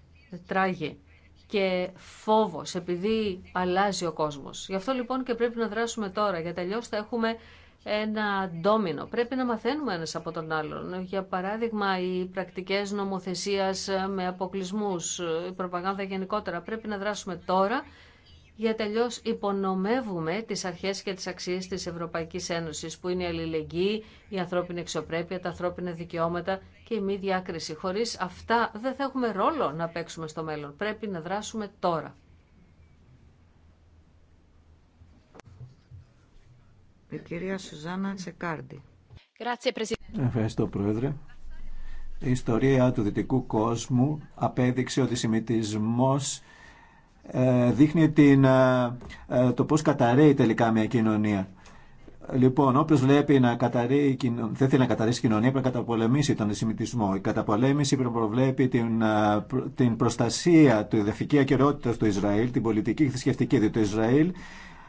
τράγοι και φόβος επειδή αλλάζει ο κόσμος. Γι' αυτό λοιπόν και πρέπει να δράσουμε τώρα γιατί αλλιώ θα έχουμε ένα ντόμινο. Πρέπει να μαθαίνουμε ένας από τον άλλον. Για παράδειγμα, οι πρακτικές νομοθεσίας με αποκλεισμούς, η προπαγάνδα γενικότερα. Πρέπει να δράσουμε τώρα για τελειώς υπονομεύουμε τις αρχές και τις αξίες της Ευρωπαϊκής Ένωσης που είναι η αλληλεγγύη, η ανθρώπινη εξωπρέπεια, τα ανθρώπινα δικαιώματα και η μη διάκριση. Χωρίς αυτά δεν θα έχουμε ρόλο να παίξουμε στο μέλλον. Πρέπει να δράσουμε τώρα. Η Σουζάνα Τσεκάρντι. Ευχαριστώ Πρόεδρε. Η ιστορία του δυτικού κόσμου απέδειξε ότι ε, δείχνει την, ε, ε, το πώς καταραίει τελικά μια κοινωνία. Λοιπόν, όποιο βλέπει να δεν θέλει να καταραίει η κοινωνία, πρέπει να καταπολεμήσει τον αντισημιτισμό. Η καταπολέμηση πρέπει να προβλέπει την, την προστασία του ειδευτικού ακαιρεότητα του Ισραήλ, την πολιτική και θρησκευτική. Διότι το Ισραήλ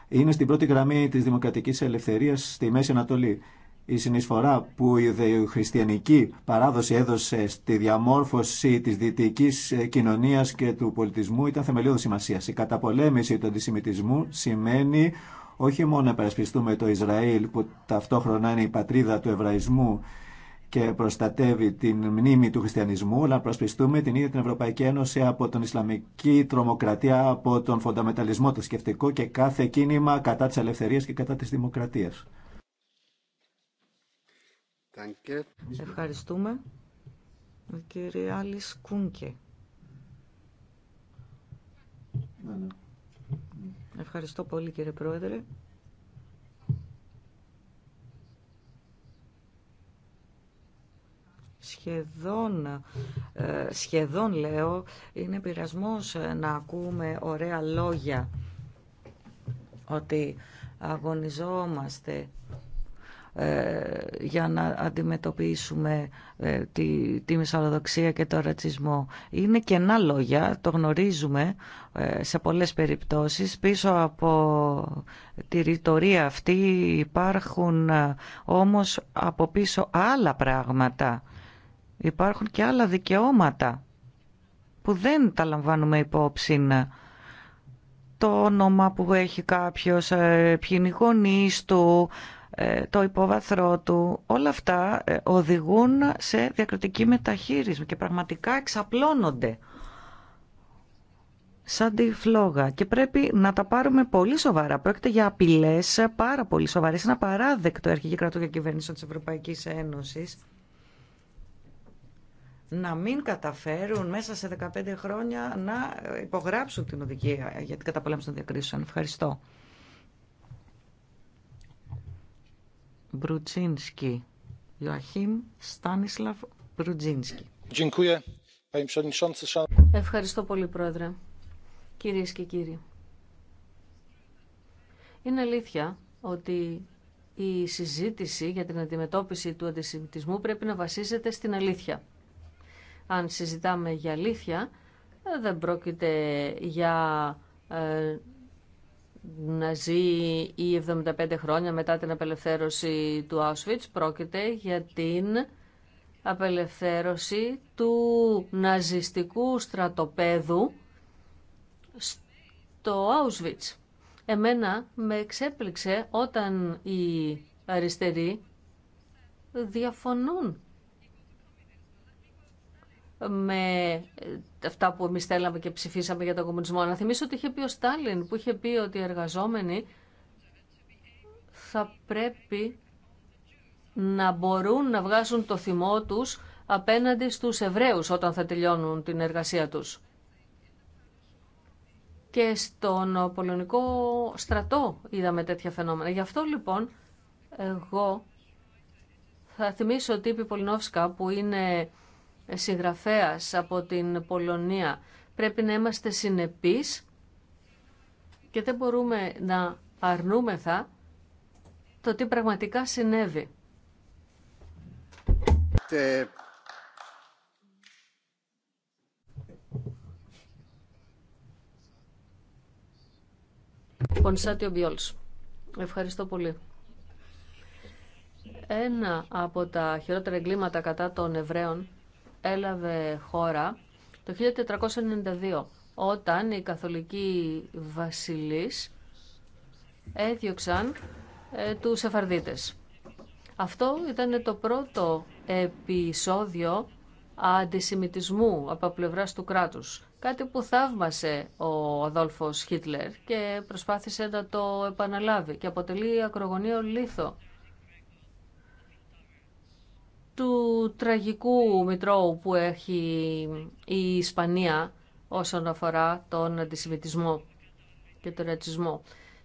είναι στην πρώτη γραμμή τη δημοκρατική ελευθερία στη Μέση Ανατολή η συνεισφορά που η χριστιανική παράδοση έδωσε στη διαμόρφωση της δυτικής ε, κοινωνίας και του πολιτισμού ήταν θεμελιώδη σημασία. Η καταπολέμηση του αντισημιτισμού σημαίνει όχι μόνο να υπερασπιστούμε το Ισραήλ που ταυτόχρονα είναι η πατρίδα του Εβραϊσμού και προστατεύει την μνήμη του χριστιανισμού, αλλά να προσπιστούμε την ίδια την Ευρωπαϊκή Ένωση από τον Ισλαμική τρομοκρατία, από τον φονταμεταλισμό, το σκεφτικό και κάθε κίνημα κατά της ελευθερίας και κατά της δημοκρατίας. Ευχαριστούμε. κυρία Κούνκε. Ευχαριστώ πολύ κύριε Πρόεδρε. σχεδόν, ε, σχεδόν λέω, είναι πειρασμός ε, να ακούμε ωραία λόγια ότι αγωνιζόμαστε ε, για να αντιμετωπίσουμε ε, τη, τη και το ρατσισμό. Είναι κενά λόγια, το γνωρίζουμε ε, σε πολλές περιπτώσεις. Πίσω από τη ρητορία αυτή υπάρχουν όμως από πίσω άλλα πράγματα. Υπάρχουν και άλλα δικαιώματα που δεν τα λαμβάνουμε υπόψη το όνομα που έχει κάποιος, ποιοι είναι του, ε, το υπόβαθρό του, όλα αυτά ε, οδηγούν σε διακριτική μεταχείριση και πραγματικά εξαπλώνονται σαν τη φλόγα και πρέπει να τα πάρουμε πολύ σοβαρά. Πρόκειται για απειλέ ε, πάρα πολύ σοβαρές. Είναι απαράδεκτο η αρχική κρατού και κυβέρνηση τη Ευρωπαϊκής Ένωση να μην καταφέρουν μέσα σε 15 χρόνια να υπογράψουν την οδηγία για την καταπολέμηση των διακρίσεων. Ευχαριστώ. Ευχαριστώ πολύ, Πρόεδρε. Κυρίες και κύριοι. Είναι αλήθεια ότι η συζήτηση για την αντιμετώπιση του αντισημιτισμού πρέπει να βασίζεται στην αλήθεια. Αν συζητάμε για αλήθεια, ε, δεν πρόκειται για ε, να ζει ή 75 χρόνια μετά την απελευθέρωση του Auschwitz πρόκειται για την απελευθέρωση του ναζιστικού στρατοπέδου στο Auschwitz. Εμένα με εξέπληξε όταν οι αριστεροί διαφωνούν με ε, αυτά που εμεί θέλαμε και ψηφίσαμε για τον κομμουνισμό. Να θυμίσω ότι είχε πει ο Στάλιν που είχε πει ότι οι εργαζόμενοι θα πρέπει να μπορούν να βγάζουν το θυμό τους απέναντι στους Εβραίους όταν θα τελειώνουν την εργασία τους. Και στον πολωνικό στρατό είδαμε τέτοια φαινόμενα. Γι' αυτό λοιπόν εγώ θα θυμίσω ότι είπε η Πολυνόφσκα που είναι συγγραφέας από την Πολωνία. Πρέπει να είμαστε συνεπείς και δεν μπορούμε να αρνούμεθα το τι πραγματικά συνέβη. Ε... Πονσάτιο Μπιόλς. Ευχαριστώ πολύ. Ένα από τα χειρότερα εγκλήματα κατά των Εβραίων έλαβε χώρα το 1492 όταν οι καθολικοί βασιλείς έδιωξαν ε, τους Σεφαρδίτες. Αυτό ήταν το πρώτο επεισόδιο αντισημιτισμού από πλευράς του κράτους. Κάτι που θαύμασε ο Αδόλφος Χίτλερ και προσπάθησε να το επαναλάβει και αποτελεί ακρογωνίο λίθο του τραγικού μητρώου που έχει η Ισπανία όσον αφορά τον αντισημιτισμό και τον ρατσισμό.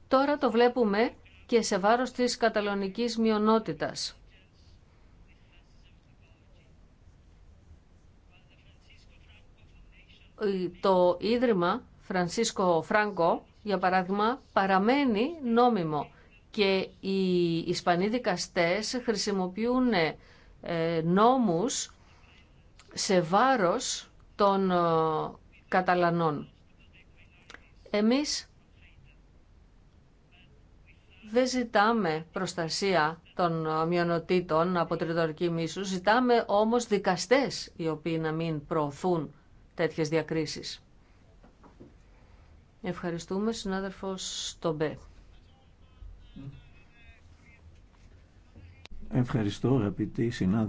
Τώρα το βλέπουμε και σε βάρος της καταλωνικής μειονότητας. Το Ίδρυμα Φρανσίσκο Φράγκο, για παράδειγμα, παραμένει νόμιμο και οι Ισπανοί δικαστές χρησιμοποιούν ε, νόμους σε βάρος των ε, Καταλανών. Εμείς δεν ζητάμε προστασία των ε, μειονοτήτων από τριτορική μίσου, ζητάμε όμως δικαστές οι οποίοι να μην προωθούν τέτοιες διακρίσεις. Ευχαριστούμε συνάδελφος Στομπέ. Ευχαριστώ αγαπητοί συνάδελφοι.